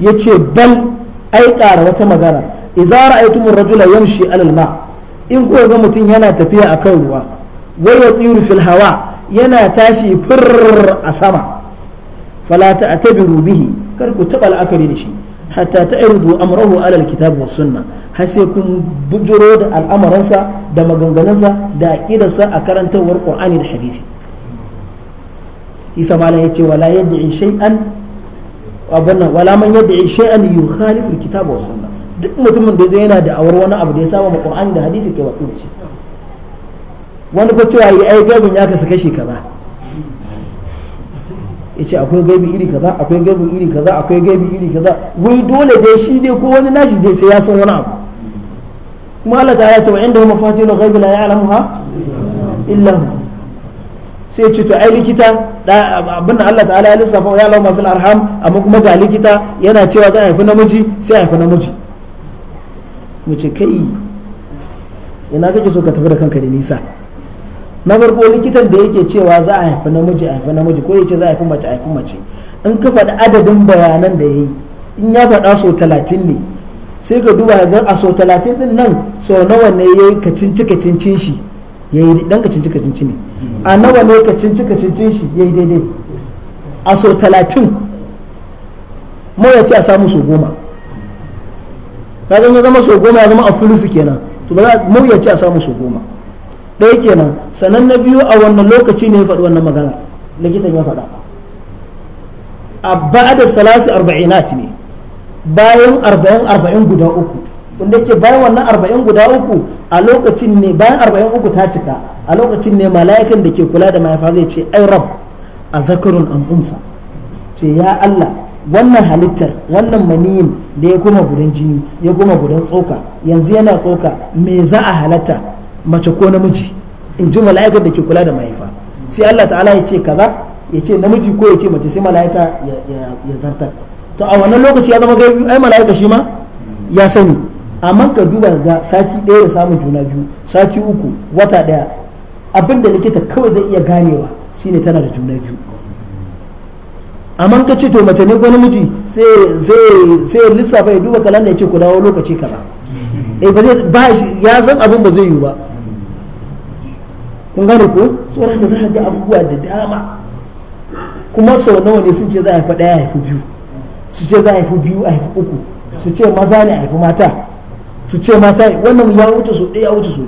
yace bal ai wata magana idza ra'aytum ar-rajula yamshi 'ala al-ma in ko ga mutum yana tafiya akan ruwa wa yatiru fil hawa yana tashi fir a sama fala ta'tabiru bihi kar ku taba la'akari da shi hatta ta'ridu amrahu ala alkitab was sunna har sai kun bujuro da al'amuransa da maganganunsa da aqidarsa a karantawar qur'ani da hadisi isa malam yace wala yad'i shay'an abunna wala man yad'i shay'an yukhalifu alkitab was sunna duk mutumin da zai yana da awar wani abu da ya saba ma qur'ani da hadisi ke watsi da shi wani fa cewa yi ai gabin ya kasu kashi kaza ce akwai gaibi iri kaza akwai gaibi iri kaza akwai gaibi iri kaza wai dole dai shi dai ko wani nashi dai sai ya san wani abu kuma Allah ta'ala ta wa'inda huma fatilul ghaibi la ha illa hu sai ce to ai likita abinda Allah ta'ala ya lissafa ya lauma fil arham amma kuma ga likita yana cewa za a haifi namiji sai a haifi namiji mu ce kai ina kake so ka tafi da kanka da nisa na farko likitan da yake cewa za a haifi namiji a haifi namiji ko yace za a haifi mace a haifi mace in ka faɗi adadin bayanan da ya yi in ya faɗa so talatin ne sai ka duba ga a so talatin ɗin nan so nawa ne ya yi kacinci kacincin shi ya yi dan kacinci cincin ne a nawa ne kacinci kacincin shi ya yi daidai a so talatin mu ya ce a samu so goma kaga ya zama so goma ya zama a fulusu kenan to ba za mu ya ce a samu so goma ɗaya kenan sannan na biyu a wannan lokaci ne ya faɗi wannan magana likitan ya faɗa a ba'da salasi arba'inat ne bayan arba'in arba'in guda uku wanda ke bayan wannan arba'in guda uku a lokacin ne bayan arba'in uku ta cika a lokacin ne mala'ikan da ke kula da mahaifa zai ce ai rab a zakarun an umsa ce ya Allah wannan halittar wannan maniyin da ya kuma gudan jini ya kuma gudan tsoka yanzu yana tsoka me za a halatta mace ko namiji in ji mala'ikar da ke kula da mahaifa sai Allah ta'ala ya ce kaza ya ce namiji ko ya ce mace sai mala'ika ya zartar to a wannan lokaci ya zama ga ai mala'ika shi ma ya sani amma ka duba ga sati ɗaya da samun juna biyu sati uku wata ɗaya abin da likita kawai zai iya ganewa shine tana da juna biyu amma ka ce to mace ne ko namiji sai sai lissafa ya duba kalanda ya ce ku dawo lokaci kaza eh ba zai ba ya san abin ba zai yi ba kun gane ko tsoron da za ga abubuwa da dama kuma sau nawa ne sun ce za a haifi ɗaya haifi biyu su ce za a haifi biyu a haifi uku su ce maza ne a haifi mata su ce mata wannan ya wuce su ɗaya ya wuce su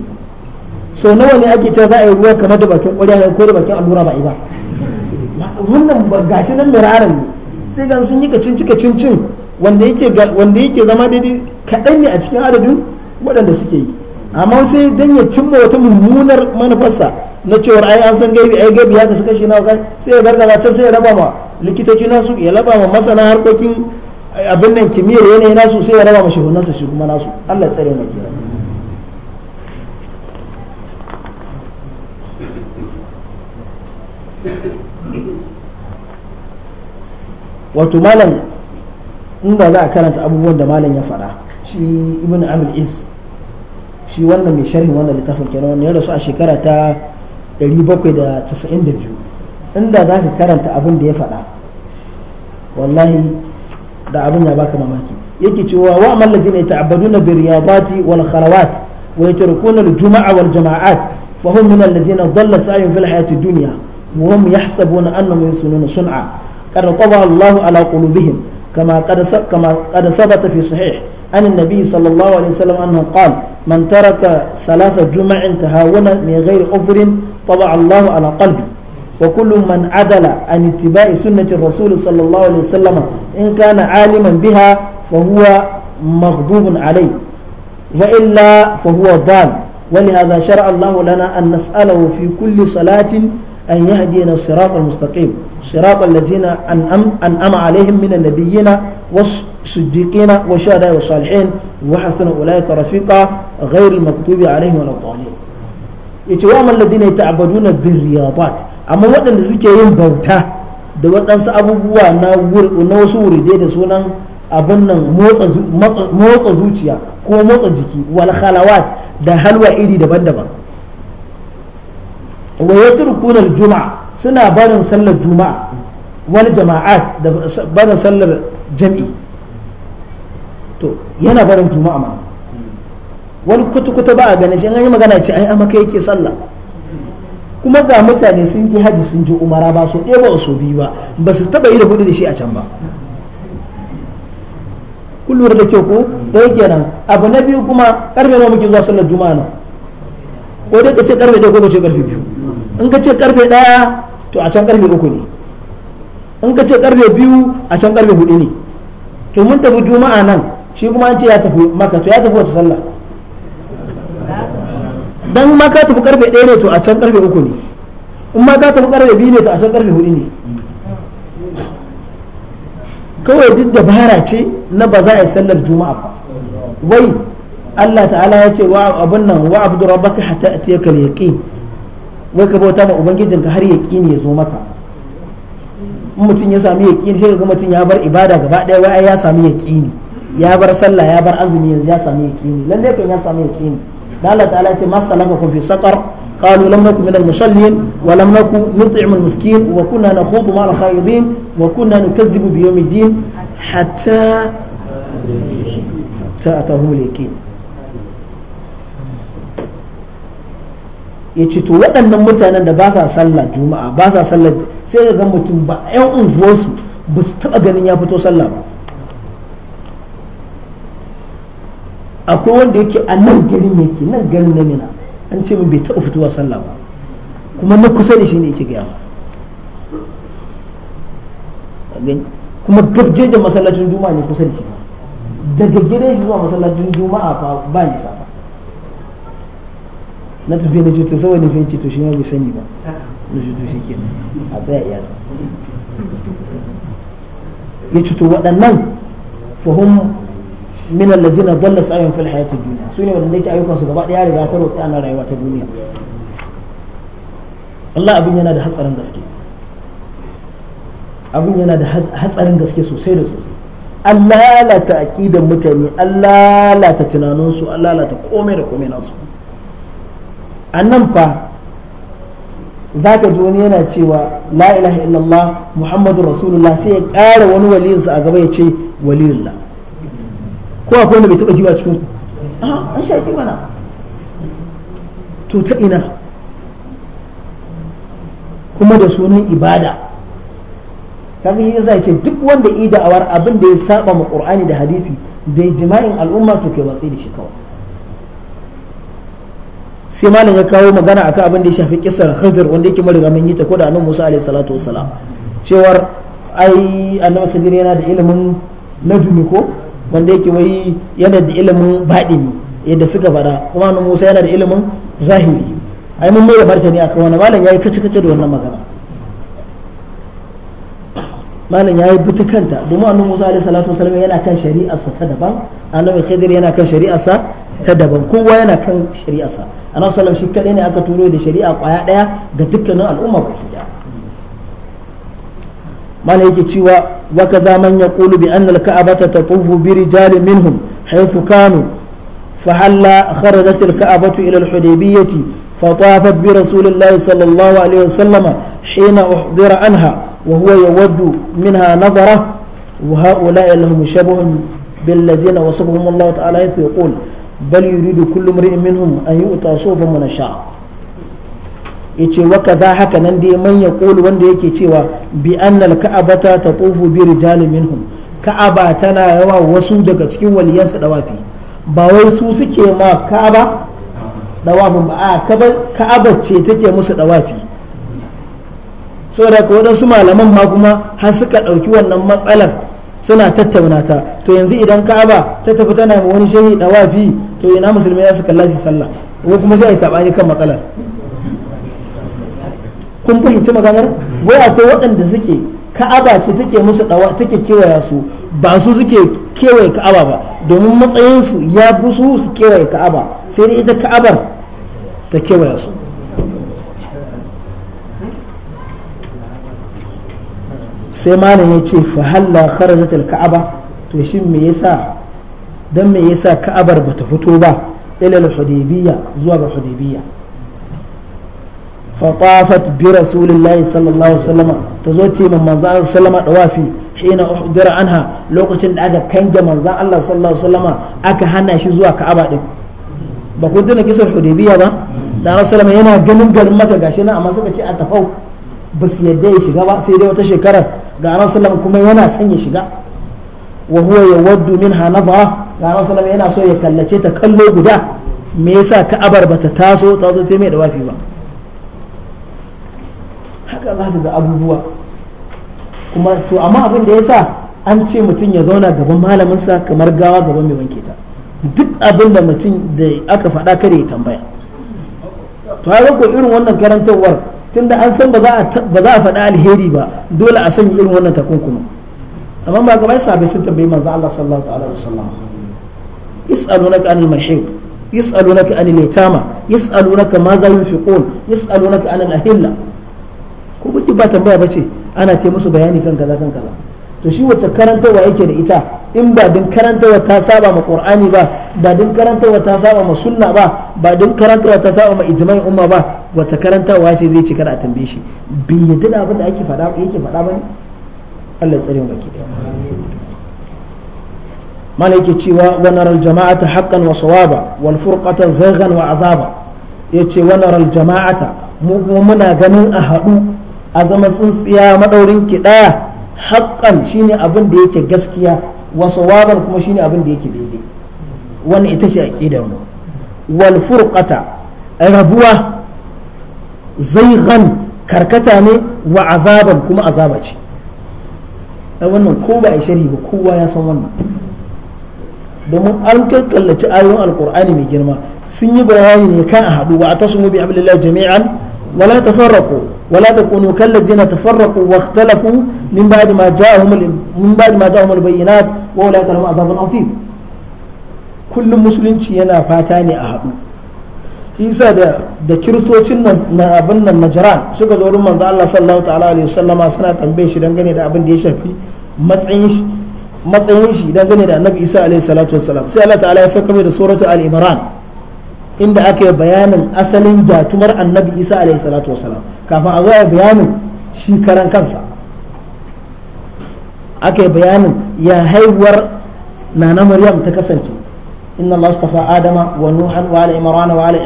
sau nawa ne ake ce za a yi ruwa kamar da bakin ƙwarya ko da bakin allura ba yi ba wannan ba gashi nan miraran ne sai gan sun yi kacin cika cin cin wanda yake zama daidai kaɗan ne a cikin adadin waɗanda suke yi amma sai dan ya cimma wata mummunar manufarsa na cewar ai an san gaibi ai gaibi haka suka kashi nawa kai sai ya gargaza ta sai ya raba ma likitoci nasu ya raba ma masana harkokin abin nan kimiyyar yanayi nasu sai ya raba ma shehunansa shi kuma nasu Allah ya tsare mu wato malam in ba za a karanta abubuwan da malam ya faɗa shi ibn amil is shi wannan mai sharhin wannan littafin kenan wannan ya rasu a shekara ta 792 inda za ka karanta abin da ya faɗa wallahi da abin ya baka mamaki yake cewa wa amal ladina yata'abbaduna bi riyadati wal khalawat wa yatrukuna al juma'a wal jama'at fa hum min alladhina dhalla sa'yuhum fil hayati dunya wa hum yahsabuna annahum yusununa sun'a qad tabaha allahu ala qulubihim kama qad kama qad sabata fi sahih an an-nabi sallallahu alaihi wasallam annahu qala من ترك ثلاث جمع تهاونا من غير عذر طبع الله على قلبي وكل من عدل عن اتباع سنة الرسول صلى الله عليه وسلم إن كان عالما بها فهو مغضوب عليه وإلا فهو ضال ولهذا شرع الله لنا أن نسأله في كل صلاة أن يهدينا الصراط المستقيم صراط الذين أنعم عليهم من النبيين والصديقين والشهداء والصالحين وحسن أولئك رفيقا غير المكتوب عليهم ولا الضالين يتوام الذين يتعبدون بالرياضات أما وقت suke yin bauta da waɗansu abubuwa na wasu wuridai da sunan abin nan motsa zuciya ko motsa jiki wal khalawat da halwa iri daban-daban wa yatrukuna al-jum'a suna barin sallar juma'a wani jama'at da barin sallar jam'i to yana barin juma'a ma wani kutukuta ba a ganin shi an yi magana ce ai kai yake sallah kuma ga mutane sun je haji sun je umara ba so ɗaya ba so biyu ba ba su taɓa yi da hudu da shi a can ba kullum da ke ko yake nan, abu na biyu kuma karfe nawa muke zuwa sallar juma'a nan ko dai ka ce karfe ɗaya ko ka ce karfe biyu in ka ce karfe ɗaya to a can karfe uku ne in ka ce karfe biyu a can karfe hudu ne to mun tafi juma'a nan shi kuma an ce ya tafi maka to ya tafi wata sallah dan ma ka tafi karfe ɗaya ne to a can karfe uku ne in ma ka tafi karfe biyu ne to a can karfe hudu ne kawai duk dabara ce na ba za a yi sallar juma'a ba wai Allah ta'ala ya ce wa abun nan wa abdu rabbaka hatta atiyaka al-yaqin wai ka bauta ma ubangijinka har yaqini ya zo maka in mutum ya sami yaqini sai ga mutum ya bar ibada gaba ɗaya wai ya sami yaqini ya bar sallah ya bar azumi yanzu ya sami yaqini lalle kan ya sami yaqini da Allah ta'ala ce masalaka kun fi saqar قالوا لم نكن miskin wa ولم نكن نطعم المسكين وكنا نخوض مع الخائضين وكنا نكذب بيوم hatta حتى تأتهم ya ce to waɗannan mutanen da ba sa sallah juma'a ba sa sallah sai ga mutum ba yan unguwarsu ba su taɓa ganin ya fito sallah ba akwai wanda yake a nan garin yake nan garin na nina an ce min bai taɓa fitowa sallah ba kuma na kusa da shi ne yake gaya kuma gabje da masallacin juma'a ne kusa da shi daga gidan shi zuwa masallacin juma'a fa ba nisa ba na tafiya na cuta saboda nufin ce to shi ma bai sani ba na cuto shi ke a tsaya iya ya cuto waɗannan fahim min allazina dalla fil hayati su ne waɗanda yake ayyukan su gaba ɗaya riga ta roƙi ana rayuwa ta duniya Allah abin yana da hatsarin gaske abin yana da hatsarin gaske sosai da sosai an lalata aƙidan mutane an lalata tunaninsu an lalata komai da komai nasu A nan fa za ka ji wani yana cewa la ilaha illallah muhammadu rasulullah sai ya ƙara wani waliyinsa a gaba ya ce waliyullah ko akwai wanda bai taɓa jiwa cikin cikin an sha ki mana to ta ina kuma da sunan ibada kaga yi zai ce duk wanda ida'awar abin abinda ya saba ma qur'ani da hadisi da jima'in al'umma to ke watsi da shi kawai sai malam ya kawo magana akan abin da ya shafi kisar khidr wanda yake mariga mun yi ta ko da annabi Musa alaihi salatu wassalam cewar ai annabi khidr yana da ilimin najmi ko wanda yake wai yana da ilimin baɗini yadda suka fada kuma annabi Musa yana da ilimin zahiri ai mun mai da martani akan wannan malam yayi kace kace da wannan magana malam yayi buta kanta domin annabi Musa alaihi salatu wassalam yana kan shari'arsa ta daban annabi khidr yana kan shari'arsa ta daban kowa yana kan shari'arsa annabi sallallahu shi kadai ne aka turo da shari'a kwaya daya ga dukkanin al'umma baki daya mana yake cewa wa kaza man yaqulu bi anna al-ka'bata tatufu bi rijalin minhum haythu kanu فحل خرجت الكعبة إلى الحديبية فطافت برسول الله صلى الله عليه وسلم حين أحضر عنها وهو يود منها نظرة وهؤلاء لهم شبه بالذين وصفهم الله تعالى يقول bal yuridu kullu mar'in minhum an yu'ta sufan munasha yace wa kaza haka nan dai man koli wanda yake cewa bi annal ka'abata tatufu bi rijal minhum ka'aba tana yawa wasu daga cikin waliyansa dawafi ba wai su suke ma ka'aba dawafin ba a ka'aba ce take musu dawafi saboda ka waɗansu malaman ma kuma har suka ɗauki wannan matsalar suna tattauna ta to yanzu idan ka'aba ta tafi tana ma wani shehi dawafi to ina musulmai za su kalla su sallah ko kuma sai a yi sabani kan matsalar kun fahimci maganar wai akwai waɗanda suke ka'aba ce take musu dawa take kewaya su ba su suke kewaye ka'aba ba domin matsayin su ya fi su su kewaye ka'aba sai dai ita ka'abar ta kewaya su sai malam ya ce fa halla kharajat al-ka'aba to shi me yasa dan me yasa ka'abar bata fito ba ila al-hudaybiyya zuwa ga hudaybiyya fa bi rasulillahi sallallahu alaihi wasallam dawafi hina uhdira anha lokacin da aka kange manzo Allah sallallahu alaihi wasallam aka hana shi zuwa ka'aba din ba ku dana kisar hudaybiyya ba da Rasulullah yana ganin garin maka gashi na amma suka ce a tafau ba su yadda ya shiga ba sai dai wata shekarar ga ran sallam kuma yana son ya shiga wa huwa yawaddu minha nadha ga ran sallam yana so ya kallace ta kallo guda me yasa ka'abar bata taso ta zo ta mai wafi ba haka za ka ga abubuwa kuma to amma abin da yasa an ce mutum ya zauna gaban malaminsa kamar gawa gaban mai wanke ta duk abin da mutum da aka faɗa kada ya tambaya to ko irin wannan karantarwar tunda an san ba za a faɗi alheri ba dole a sanya irin wannan takunkuma amma ba gaba sahabbai sun tambayi manzo Allah sallallahu alaihi wasallam yas'alunaka anil mahid yas'alunaka anil yatama yas'alunaka ma za yunfiqun yas'alunaka anil ahilla ko ba tambaya bace ana ce musu bayani kan kaza kan kaza to shi wacce karantarwa yake da ita in ba din karantarwa ta saba ma qur'ani ba ba din karantarwa ta saba ma sunna ba ba din karantarwa ta saba ma ijma'in umma ba wacce karantarwa ce zai ci kada a tambaye shi bin yadda da abin da ake faɗa yake faɗa ba ne Allah ya tsare mu baki daya malaki cewa wa naral jama'ata haqqan wa sawaba wal furqata zaghan wa azaba yace wa naral jama'ata mu muna ganin a haɗu a zama tsintsiya madaurin ki daya haƙƙan shine abin da yake gaskiya wa kuma shine abin da yake daidai wani ita ce aqidar mu wal furqata rabuwa zaigan karkata ne wa azaban kuma azaba ce wannan ko ba a sharhi ba kowa ya san wannan domin an kallaci ayoyin alkur'ani mai girma sun yi bayani ne kan a haɗu wa a tasu bi abdullahi jami'an wala tafarraqu wala takunu ta tafarraqu wa ikhtalafu من بعد ما جاءهم من بعد ما جاءهم البينات واولئك لهم عذاب عظيم كل مسلم yana fata ne a haɗu isa da da kiristocin na abin nan najran suka zo wurin manzo Allah sallallahu ta'ala alaihi wasallama suna tambaye shi dangane da abin da ya shafi matsayin shi matsayin shi dangane da annabi isa alaihi salatu wassalam sai Allah ta'ala ya sauka mai da suratu al-imran inda aka yi bayanin asalin jatumar annabi isa alaihi salatu wassalam kafin a zo a bayanin shi karan kansa أكي بيانن يا هيور نانا مريم تكسنتي إن الله اصطفى آدم ونوحا وعلى إمران وعلى,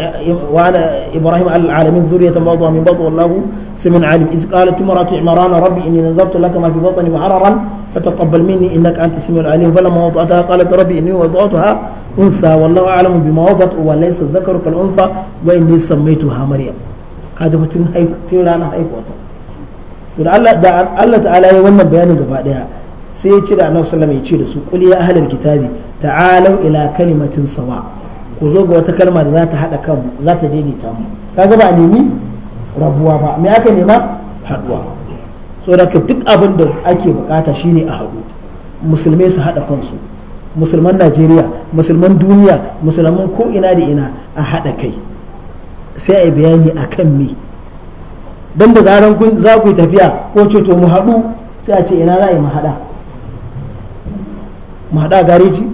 وعلى إبراهيم على العالمين ذرية بعضها من بطن والله سمع عالم إذ قالت مرات عمران ربي إني نذرت لك ما في بطني محررا فتقبل مني إنك أنت سميع العليم فلما وضعتها قالت ربي إني وضعتها أنثى والله أعلم بما وضعت وليس الذكر كالأنثى وإني سميتها مريم هذا بتنهي تيرانا هاي بطن الله تعالى يوم بيان دبادها sai ya da annabi sallallahu alaihi ya ce da su qul ya ahlul kitabi ta'alu ila kalimatin sawa ku zo ga wata kalma da za ta hada kan za ta daidaita mu kaga ba a nemi rabuwa ba me aka nema haduwa saboda duk abin da ake bukata shine a hadu musulmai su hada kansu musulman najeriya musulman duniya musulman ko ina da ina a hada kai sai a bayani a kan me don da zaran za ku tafiya ko ce to mu haɗu sai a ce ina za a yi mu haɗa mu haɗa a gareji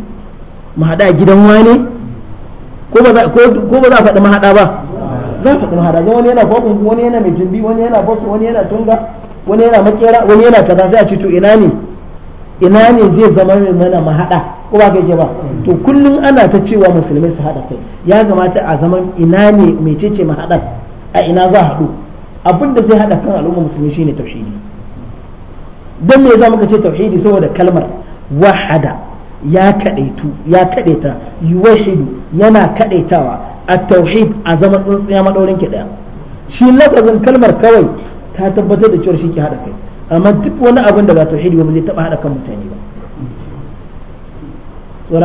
mu haɗa a gidan wane ko ba za a faɗi mahaɗa ba za a faɗi mahaɗa hada wani yana kwakwun wani yana mai jimbi wani yana bosu wani yana tunga wani yana makera wani yana kaza sai a ce to ina ne ina ne zai zama mai mana mahaɗa ko ba kai ke ba to kullum ana ta cewa musulmai su haɗa kai ya kamata a zaman ina ne mai cece mahaɗar a ina za a haɗu abin da zai haɗa kan al'umma musulmi shine tauhidi don me yasa muka ce tauhidi saboda kalmar wahada ya kadaitu ya kadaita yuwahidu yana kadaitawa a tauhid a zama tsintsiya madaurin ki daya shi lafazin kalmar kawai ta tabbatar da cewa shi ke hada kai amma duk wani abin da ba tauhidi ba zai taba hada kan mutane ba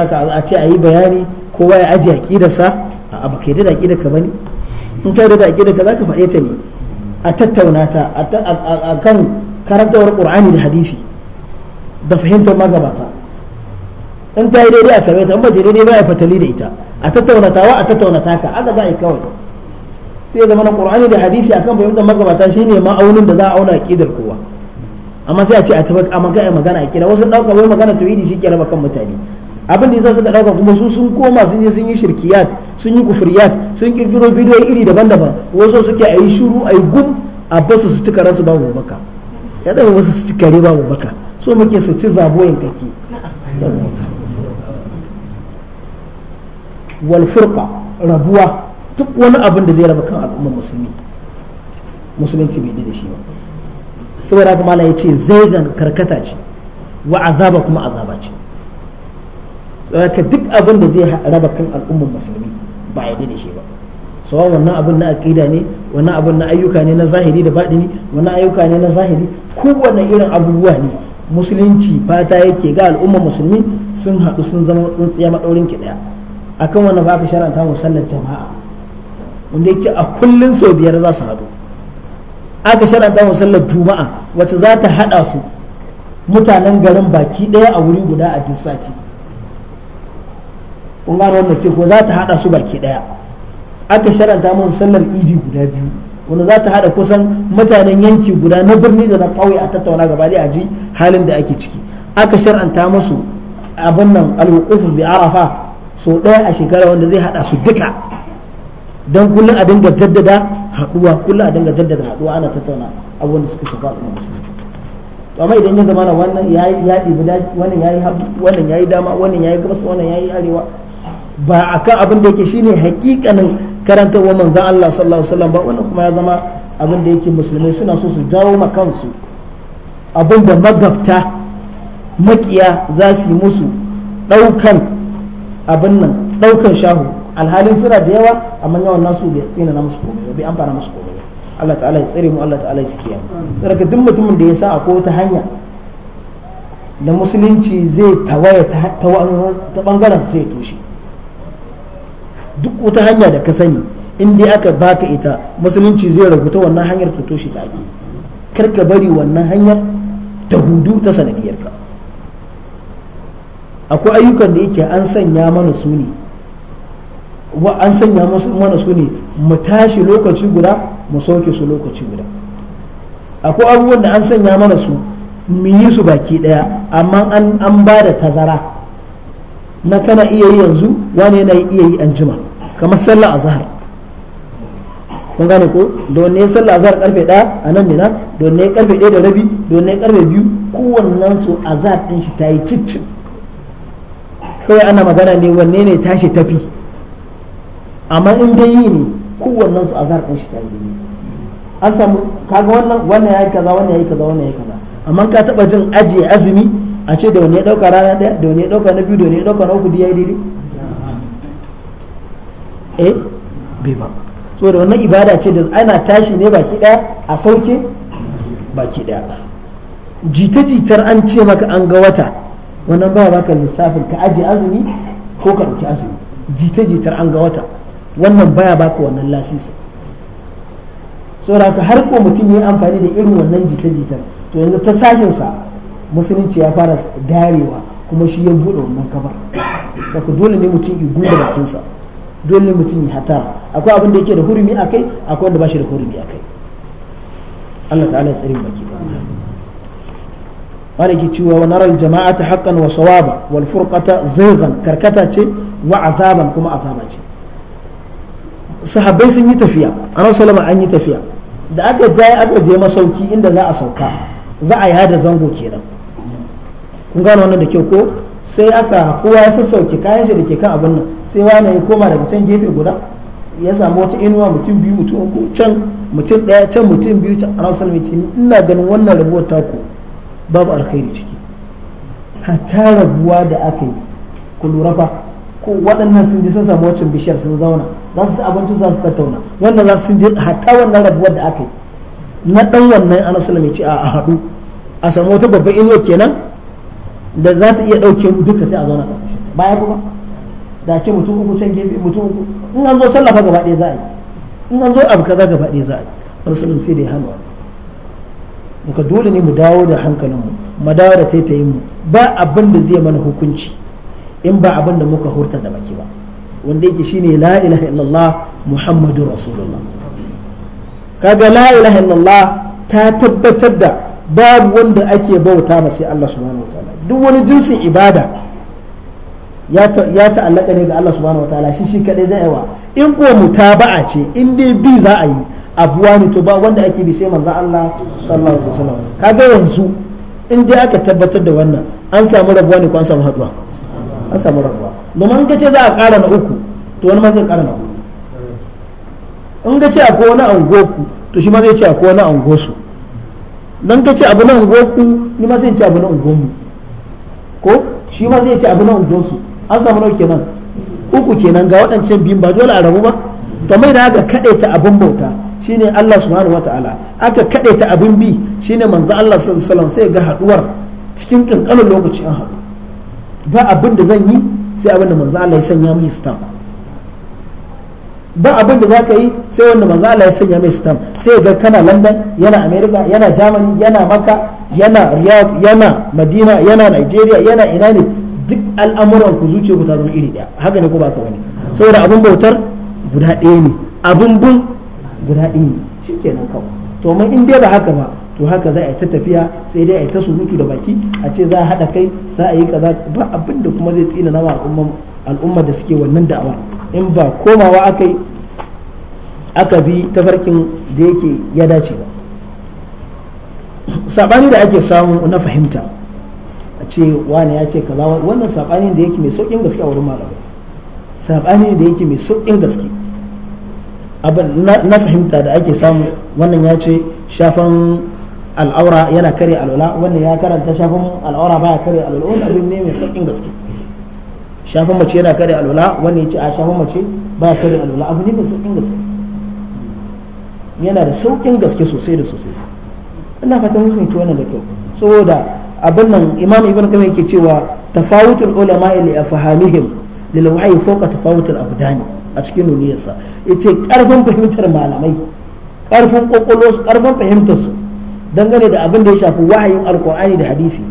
ka a ce a yi bayani kowa ya ajiye sa a ba ka da aƙidar ka bane in ka yi da aƙidar ka zaka faɗe ta ne a tattauna ta a kan karantawar qur'ani da hadisi da fahimtar magabata in ta yi daidai a karbe ta in ba daidai ba ya fatali da ita a tattauna tawa a tattauna taka haka za a yi kawai sai ya zama na qur'ani da hadisi akan fahimtar magabata shine ma'aunin da za a auna aqidar kowa amma sai a ce a tabbata a magana magana aqida wasu dauka wai magana tauhidi shi ke raba kan mutane abin da yasa suka dauka kuma su sun koma sun je sun yi shirkiyat sun yi kufriyat sun kirkiro bidiyoyi iri daban-daban wasu suke ayi shuru yi gum a basu su cika ransu babu baka ya dama wasu su cika ne babu baka so muke su ci zaboyin kake Walfurka rabuwa duk wani abin da zai raba kan al'ummar musulmi musulunci bai da shi ba saboda haka ya ce zaigan karkata ce wa azaba kuma azaba ce saboda duk abin da zai raba kan al'ummar musulmi ba ya da shi ba sawa wannan abin na aqida ne wannan abin na ayyuka ne na zahiri da baɗini wannan ayyuka ne na zahiri kowanne irin abubuwa ne musulunci fata yake ga al'ummar musulmi sun haɗu sun zama tsintsiya maɗaurin ki ɗaya akan wannan ba ka shar'anta mu sallar jama'a wanda yake a kullun sau biyar za su haɗu aka shar'anta mu sallar juma'a wacce za ta haɗa su mutanen garin baki ɗaya a wuri guda a duk sati kun gano wannan ke ko za ta haɗa su baki ɗaya aka shar'anta mu sallar idi guda biyu wanda za ta haɗa kusan mutanen yanki guda na birni da na ƙauye a tattauna gaba a ji halin da ake ciki aka shar'anta musu abin nan alwukufu bi arafa so ɗaya a shekara wanda zai haɗa su duka don kullum a dinga jaddada haɗuwa kullum a dinga jaddada haɗuwa ana tattauna abubuwan da suka shafa al'umma musulmi to amma idan ya zama na wannan ya wannan ya yi wannan ya yi dama wannan ya yi gabas wannan ya yi arewa ba a kan abin da yake shine hakikanin karantarwa manzan Allah sallallahu alaihi wasallam ba wannan kuma ya zama abin da yake musulmai suna so su jawo ma kansu abin da magabta makiya za su yi musu ɗaukan abin nan daukan shahu alhalin suna da yawa amma yawan nasu bai tsina na musu komai bai amfana musu komai Allah ta'ala ya tsare mu Allah ta'ala ya tsike mu sarka duk mutumin da ya sa akwai wata hanya da musulunci zai tawaye ta bangaren zai toshe duk wata hanya da ka sani in dai aka baka ita musulunci zai rubuta wannan hanyar ta toshe ta ake karka bari wannan hanyar ta hudu ta sanadiyar ka. akwai ayyukan da yake an sanya mana su ne wa an sanya mana su ne mu tashi lokaci guda mu sauke su lokaci guda akwai abubuwan da an sanya mana su mu yi su baki daya amma an ba da tazara na kana iya yi yanzu wani yana iya yi an jima kamar sallar azhar kun gane ko don ne sallar azhar karfe daya a nan na don ne karfe daya da rabi don ne karfe biyu kowannen su azhar din shi ta yi ciccin kawai ana magana ne wanne ne tashi tafi amma in dai yi ne kowannen su azhar din shi tare an samu kaga wannan wannan yayi kaza wannan yayi kaza wannan yayi kaza amma ka taba jin ajiye azumi a ce da wani ya dauka rana daya da wani ya dauka na biyu da wani ya dauka na uku da yayi daidai eh bai ba saboda wannan ibada ce da ana tashi ne baki daya a sauke baki daya jita-jitar an ce maka an ga wata wannan baya baka lissafin ka ajiye azumi ko ka ɗauki azumi jita-jitar an ga wata wannan baya baka wannan lasisi saboda har ko mutum ya amfani da irin wannan jita-jitar to yanzu ta sa musulunci ya fara darewa kuma shi ya bude wannan kabar daga dole ne mutum ya gunda bakinsa dole ne mutum ya hatara akwai abin da yake da hurumi akai kai akwai wanda ba shi da hurumi akai kai Allah ta'ala ya baki wani ke cewa wa naral ta haqqan wa sawaba wal furqata zaygan karkata ce wa azaban kuma azaba ce sahabbai sun yi tafiya annabi salama an yi tafiya da aka ya aka je masauki inda za a sauka za a hada zango kenan kun gano wannan da kyau ko sai aka kowa ya sassauke kayan shi da ke kan abin nan sai wani ya koma daga can gefe guda ya samu wata inuwa mutum biyu mutum uku can mutum daya can mutum biyu can annabi salama ce ina ganin wannan rabuwar taku babu alkhairi ciki hatta rabuwa da aka yi ku lura fa ko waɗannan sun je sun samu wacin bishiyar sun zauna za su abinci za su tattauna wannan za su je hatta wannan rabuwar da aka yi na ɗan wannan ana sallama ce a haɗu a samu wata babban inuwa kenan da za ta iya ɗauke mu duka sai a zauna ƙarƙashin baya kuma da ke mutum uku can gefe mutum uku in an zo sallafa gaba ɗaya za a yi in an zo abu kaza gaba ɗaya za a yi rasulun sai da ya hana muka dole ne mu dawo da hankalinmu mu dawo da taitayinmu mu ba abin da zai mana hukunci in ba abin da muka hurta da baki ba wanda yake shine la ilaha illallah muhammadu rasulullah kaga la ilaha illallah ta tabbatar da babu wanda ake bauta ma sai Allah subhanahu ta'ala duk wani jinsin ibada ya ta'allaka ne ga Allah subhanahu ta'ala shi shi kadai zai wa in ko mutaba'a ce in dai bi za a yi abuwa ne to ba wanda ake bi sai manzon Allah sallallahu alaihi wasallam kaga yanzu in dai aka tabbatar da wannan an samu rabuwa ne ko an samu haduwa an samu rabuwa domin ka ce za a ƙara na uku to wani ma zai ƙara na uku in ka ce akwai wani angoku to shi ma zai ce akwai wani angosu dan ka ce abu na angoku ni ma zai ce abu na mu. ko shi ma zai ce abu na su an samu nau kenan uku kenan ga waɗancan biyun ba dole a rabu ba kamar da haka kaɗaita abin bauta shine Allah subhanahu wataala aka ta abin bi shine manzo Allah sallallahu alaihi wasallam sai ga haduwar cikin kankanin lokaci an haɗu ba abin da zan yi sai abin da manzo Allah ya sanya mai stamp ba abin da zaka yi sai wanda manzo Allah ya sanya mai stamp sai ga kana London yana America yana Germany yana Makka yana Riyadh yana Madina yana Nigeria yana ina ne duk al'amuran ku zuciyarku ta zama iri daya haka ne ko ba ka wani saboda abin bautar guda ɗaya ne abin bin guda ɗaya shi kenan kawai to amma in dai ba haka ba to haka za a yi ta tafiya sai dai a yi ta surutu da baki a ce za a haɗa kai za a yi kaza ba abin da kuma zai tsina nama al'umma da suke wannan da'awa in ba komawa aka yi aka bi tafarkin da yake ya dace ba saɓani da ake samu na fahimta a ce wani ya ce kaza wannan saɓani da yake mai sauƙin gaske a wurin malamai saɓani da yake mai sauƙin gaske na fahimta da ake samu wannan ya ce shafan al'aura yana kare alwala wannan ya karanta shafan al'aura baya kare alwala wani abin ne mai saukin gaske shafan mace yana kare alwala wannan ya ce a shafan mace baya kare alwala abu ne mai saukin gaske yana da saukin gaske sosai da sosai ina fatan mun fahimci wannan da kyau saboda abin nan imam ibn kamar yake cewa tafawutul ulama ila fahimihim lil wahyi fawqa tafawutul abdani a cikin duniyarsa ya ce karfin fahimtar malamai karfin kokolo fahimtar su dangane da abin da ya shafi wahayin alkur'ani da hadisi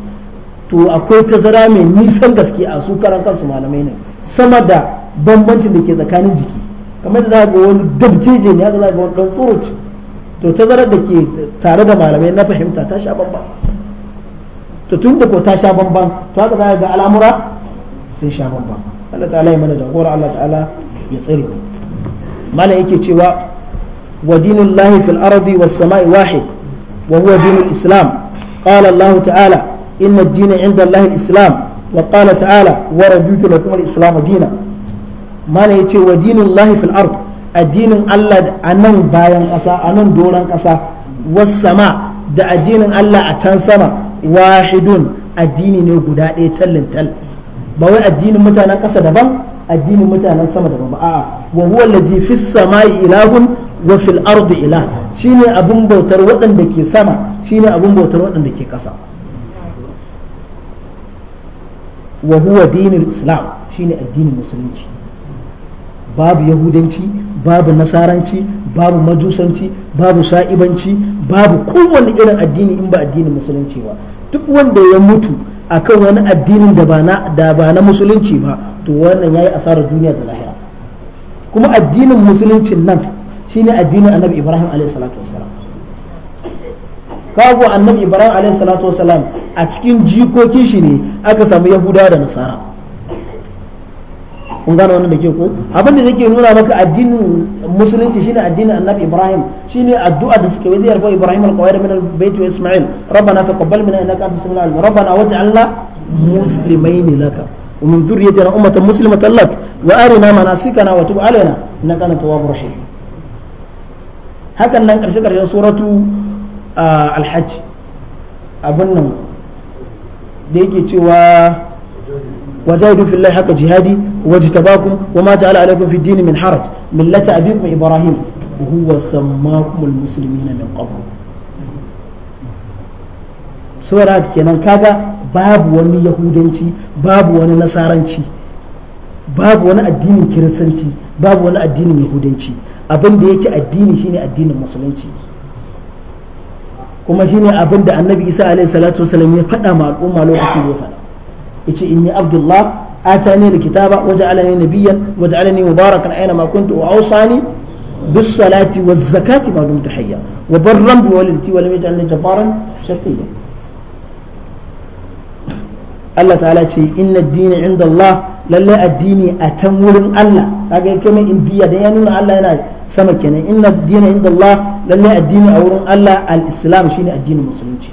to akwai tazara mai nisan gaske a su karan kansu malamai ne sama da bambancin da ke tsakanin jiki kamar da za ga wani dabjeje ne haka za ga wani dan tsurut to tazarar da ke tare da malamai na fahimta ta sha bamban to tun da ko ta sha bamban to haka za ga al'amura sun sha bamban Allah ta'ala ya mana jagora Allah ta'ala ya tsare mana yake cewa wa dinul lahi fil ardi was sama'i wahid wa huwa dinul islam qala Allah ta'ala inna ad-din 'inda Allah islam wa qala ta'ala wa raditu lakum al-islam dinan mana yace wa dinul lahi fil ardi addinin Allah a nan bayan ƙasa a nan doron ƙasa was sama da addinin Allah a can sama wahidun addini ne guda ɗaya tallin tal ba wai addinin mutanen ƙasa daban addinin mutanen sama daban ba a'a wa huwa allazi fis samai ilahun wa fil ardi ilah shine abun bautar waɗanda ke sama shine abun bautar waɗanda ke ƙasa wa huwa dinul islam shine addinin musulunci babu yahudanci babu nasaranci babu majusanci babu sa'ibanci babu kowane irin addini in ba addinin musulunci ba duk wanda ya mutu akan wani addinin da ba na da ba na musulunci ba to wannan yayi asarar duniya da lahira kuma addinin musuluncin nan shine addinin annabi ibrahim alaihi salatu wassalam kawo annabi ibrahim alaihi salatu wassalam a cikin jikokin shi ne aka samu yahudawa da nasara kun gane wannan da ke ko abin da yake nuna maka addinin musulunci shine addinin annabi ibrahim shine addu'a da suka yi yarfa ibrahim alqawaid min albayt wa isma'il rabbana taqabbal minna innaka antas samiul alim rabbana waj'alna muslimain laka wa min dhurriyyatina ummatan muslimatan lak wa arina manasikana wa tub alaina innaka antat tawwabur rahim hakan nan karshe karshen suratu ah, alhajj abin nan da yake cewa وجاهدوا في الله حق جهادي واجتباكم وما جعل عليكم في الدين من حرج ملة أبيكم إبراهيم وهو سماكم المسلمين من قبل saboda haka kenan kaga babu wani yahudanci babu wani nasaranci babu wani addinin kiristanci babu wani addinin yahudanci abin da yake addini shine addinin musulunci kuma shine abin da annabi isa alaihi salatu wasallam ya faɗa ma al'umma lokacin da ya faɗa yace inni abdullah atani alkitaba waja'alani nabiyyan waja'alani mubarakan aina ma kuntu wa awsani bis salati waz zakati ma dumtu hayya wa barran bi walidati wa lam yaj'alni jabbaran shaqiyya Allah ta'ala ce inna ad-dina 'inda Allah lalle addini a can wurin Allah kaga yake mai indiya da ya nuna Allah yana sama kenan inna ad-dina 'inda Allah lalle addini a wurin Allah al-islam shine addinin musulunci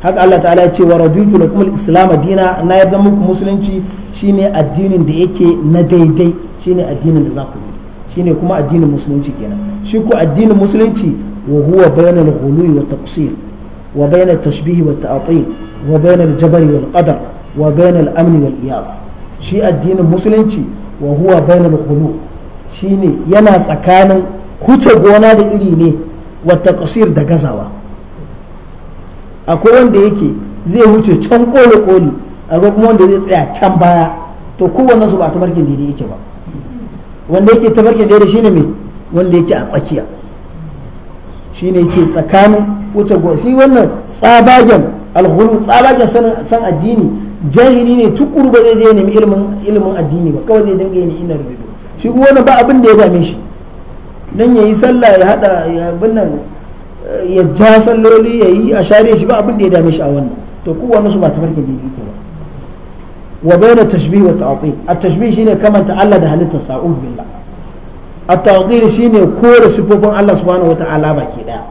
haka Allah ta'ala ya ce wa rabitu lakum islam dina na yarda muku musulunci shine addinin da yake na daidai shine addinin da za ku yi shine kuma addinin musulunci kenan shi ko addinin musulunci wa huwa bayna al-ghuluwi wa taqsir wa bayna at-tashbih wa at-ta'til wa bayna al-jabr wa al-qadar wa bayna al-amn wa al-iyas shi addinin musulunci wa huwa bayna al-ghulu shine yana tsakanin huce gona da iri ne wa taqsir da gazawa akwai wanda yake zai wuce can koli koli akwai kuma wanda zai tsaya can baya to kowanne su ba tabarkin daidai yake ba wanda yake tabarkin daidai ne me wanda yake a tsakiya shi ne ce tsakanin wuce gona shi wannan tsabagen alhulu tsabagen san addini jahili ne tukuru ba zai je nemi ilimin ilimin addini ba kawai zai dinga yin ina rubutu shi kuma wani ba abin da ya dame shi dan yayi sallah ya hada ya binnan ya ja salloli ya yi a share shi ba abin da ya dame shi a wannan to kowanne su ba ta farkin bibi ke ba wa bayyana tashbih wa ta'til at-tashbih shine kamanta Allah da halittar sa uz billah at-ta'til shine kore sifofin Allah subhanahu wata'ala baki daya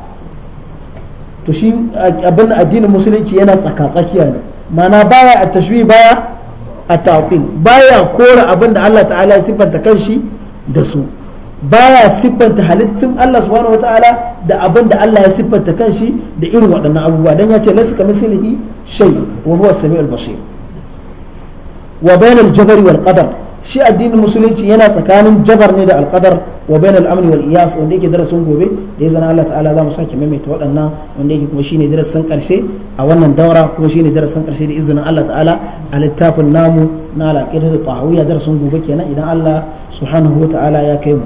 to shi abin addinin musulunci yana tsaka tsakiya ne mana baya at-tashbih baya at-ta'til baya kore abin da Allah ta'ala ya siffanta kanshi da su baya siffanta halittun Allah subhanahu wata'ala da abin da Allah ya siffanta kanshi da irin waɗannan abubuwa dan ya ce laysa kamithlihi shay wa huwa as-sami'ul basir wa bayna al-jabr wal qadar shi addinin musulunci yana tsakanin jabar ne da alqadar wa bayna al-amn wal iyas wanda yake darasin gobe da ya zana Allah ta'ala za mu sake maimaita waɗannan wanda yake kuma shine darasin karshe a wannan daura kuma shine darasin karshe da izinin Allah ta'ala a littafin namu na al-aqidatu tahawiyya darasin gobe kenan idan Allah subhanahu wa ta'ala ya kai mu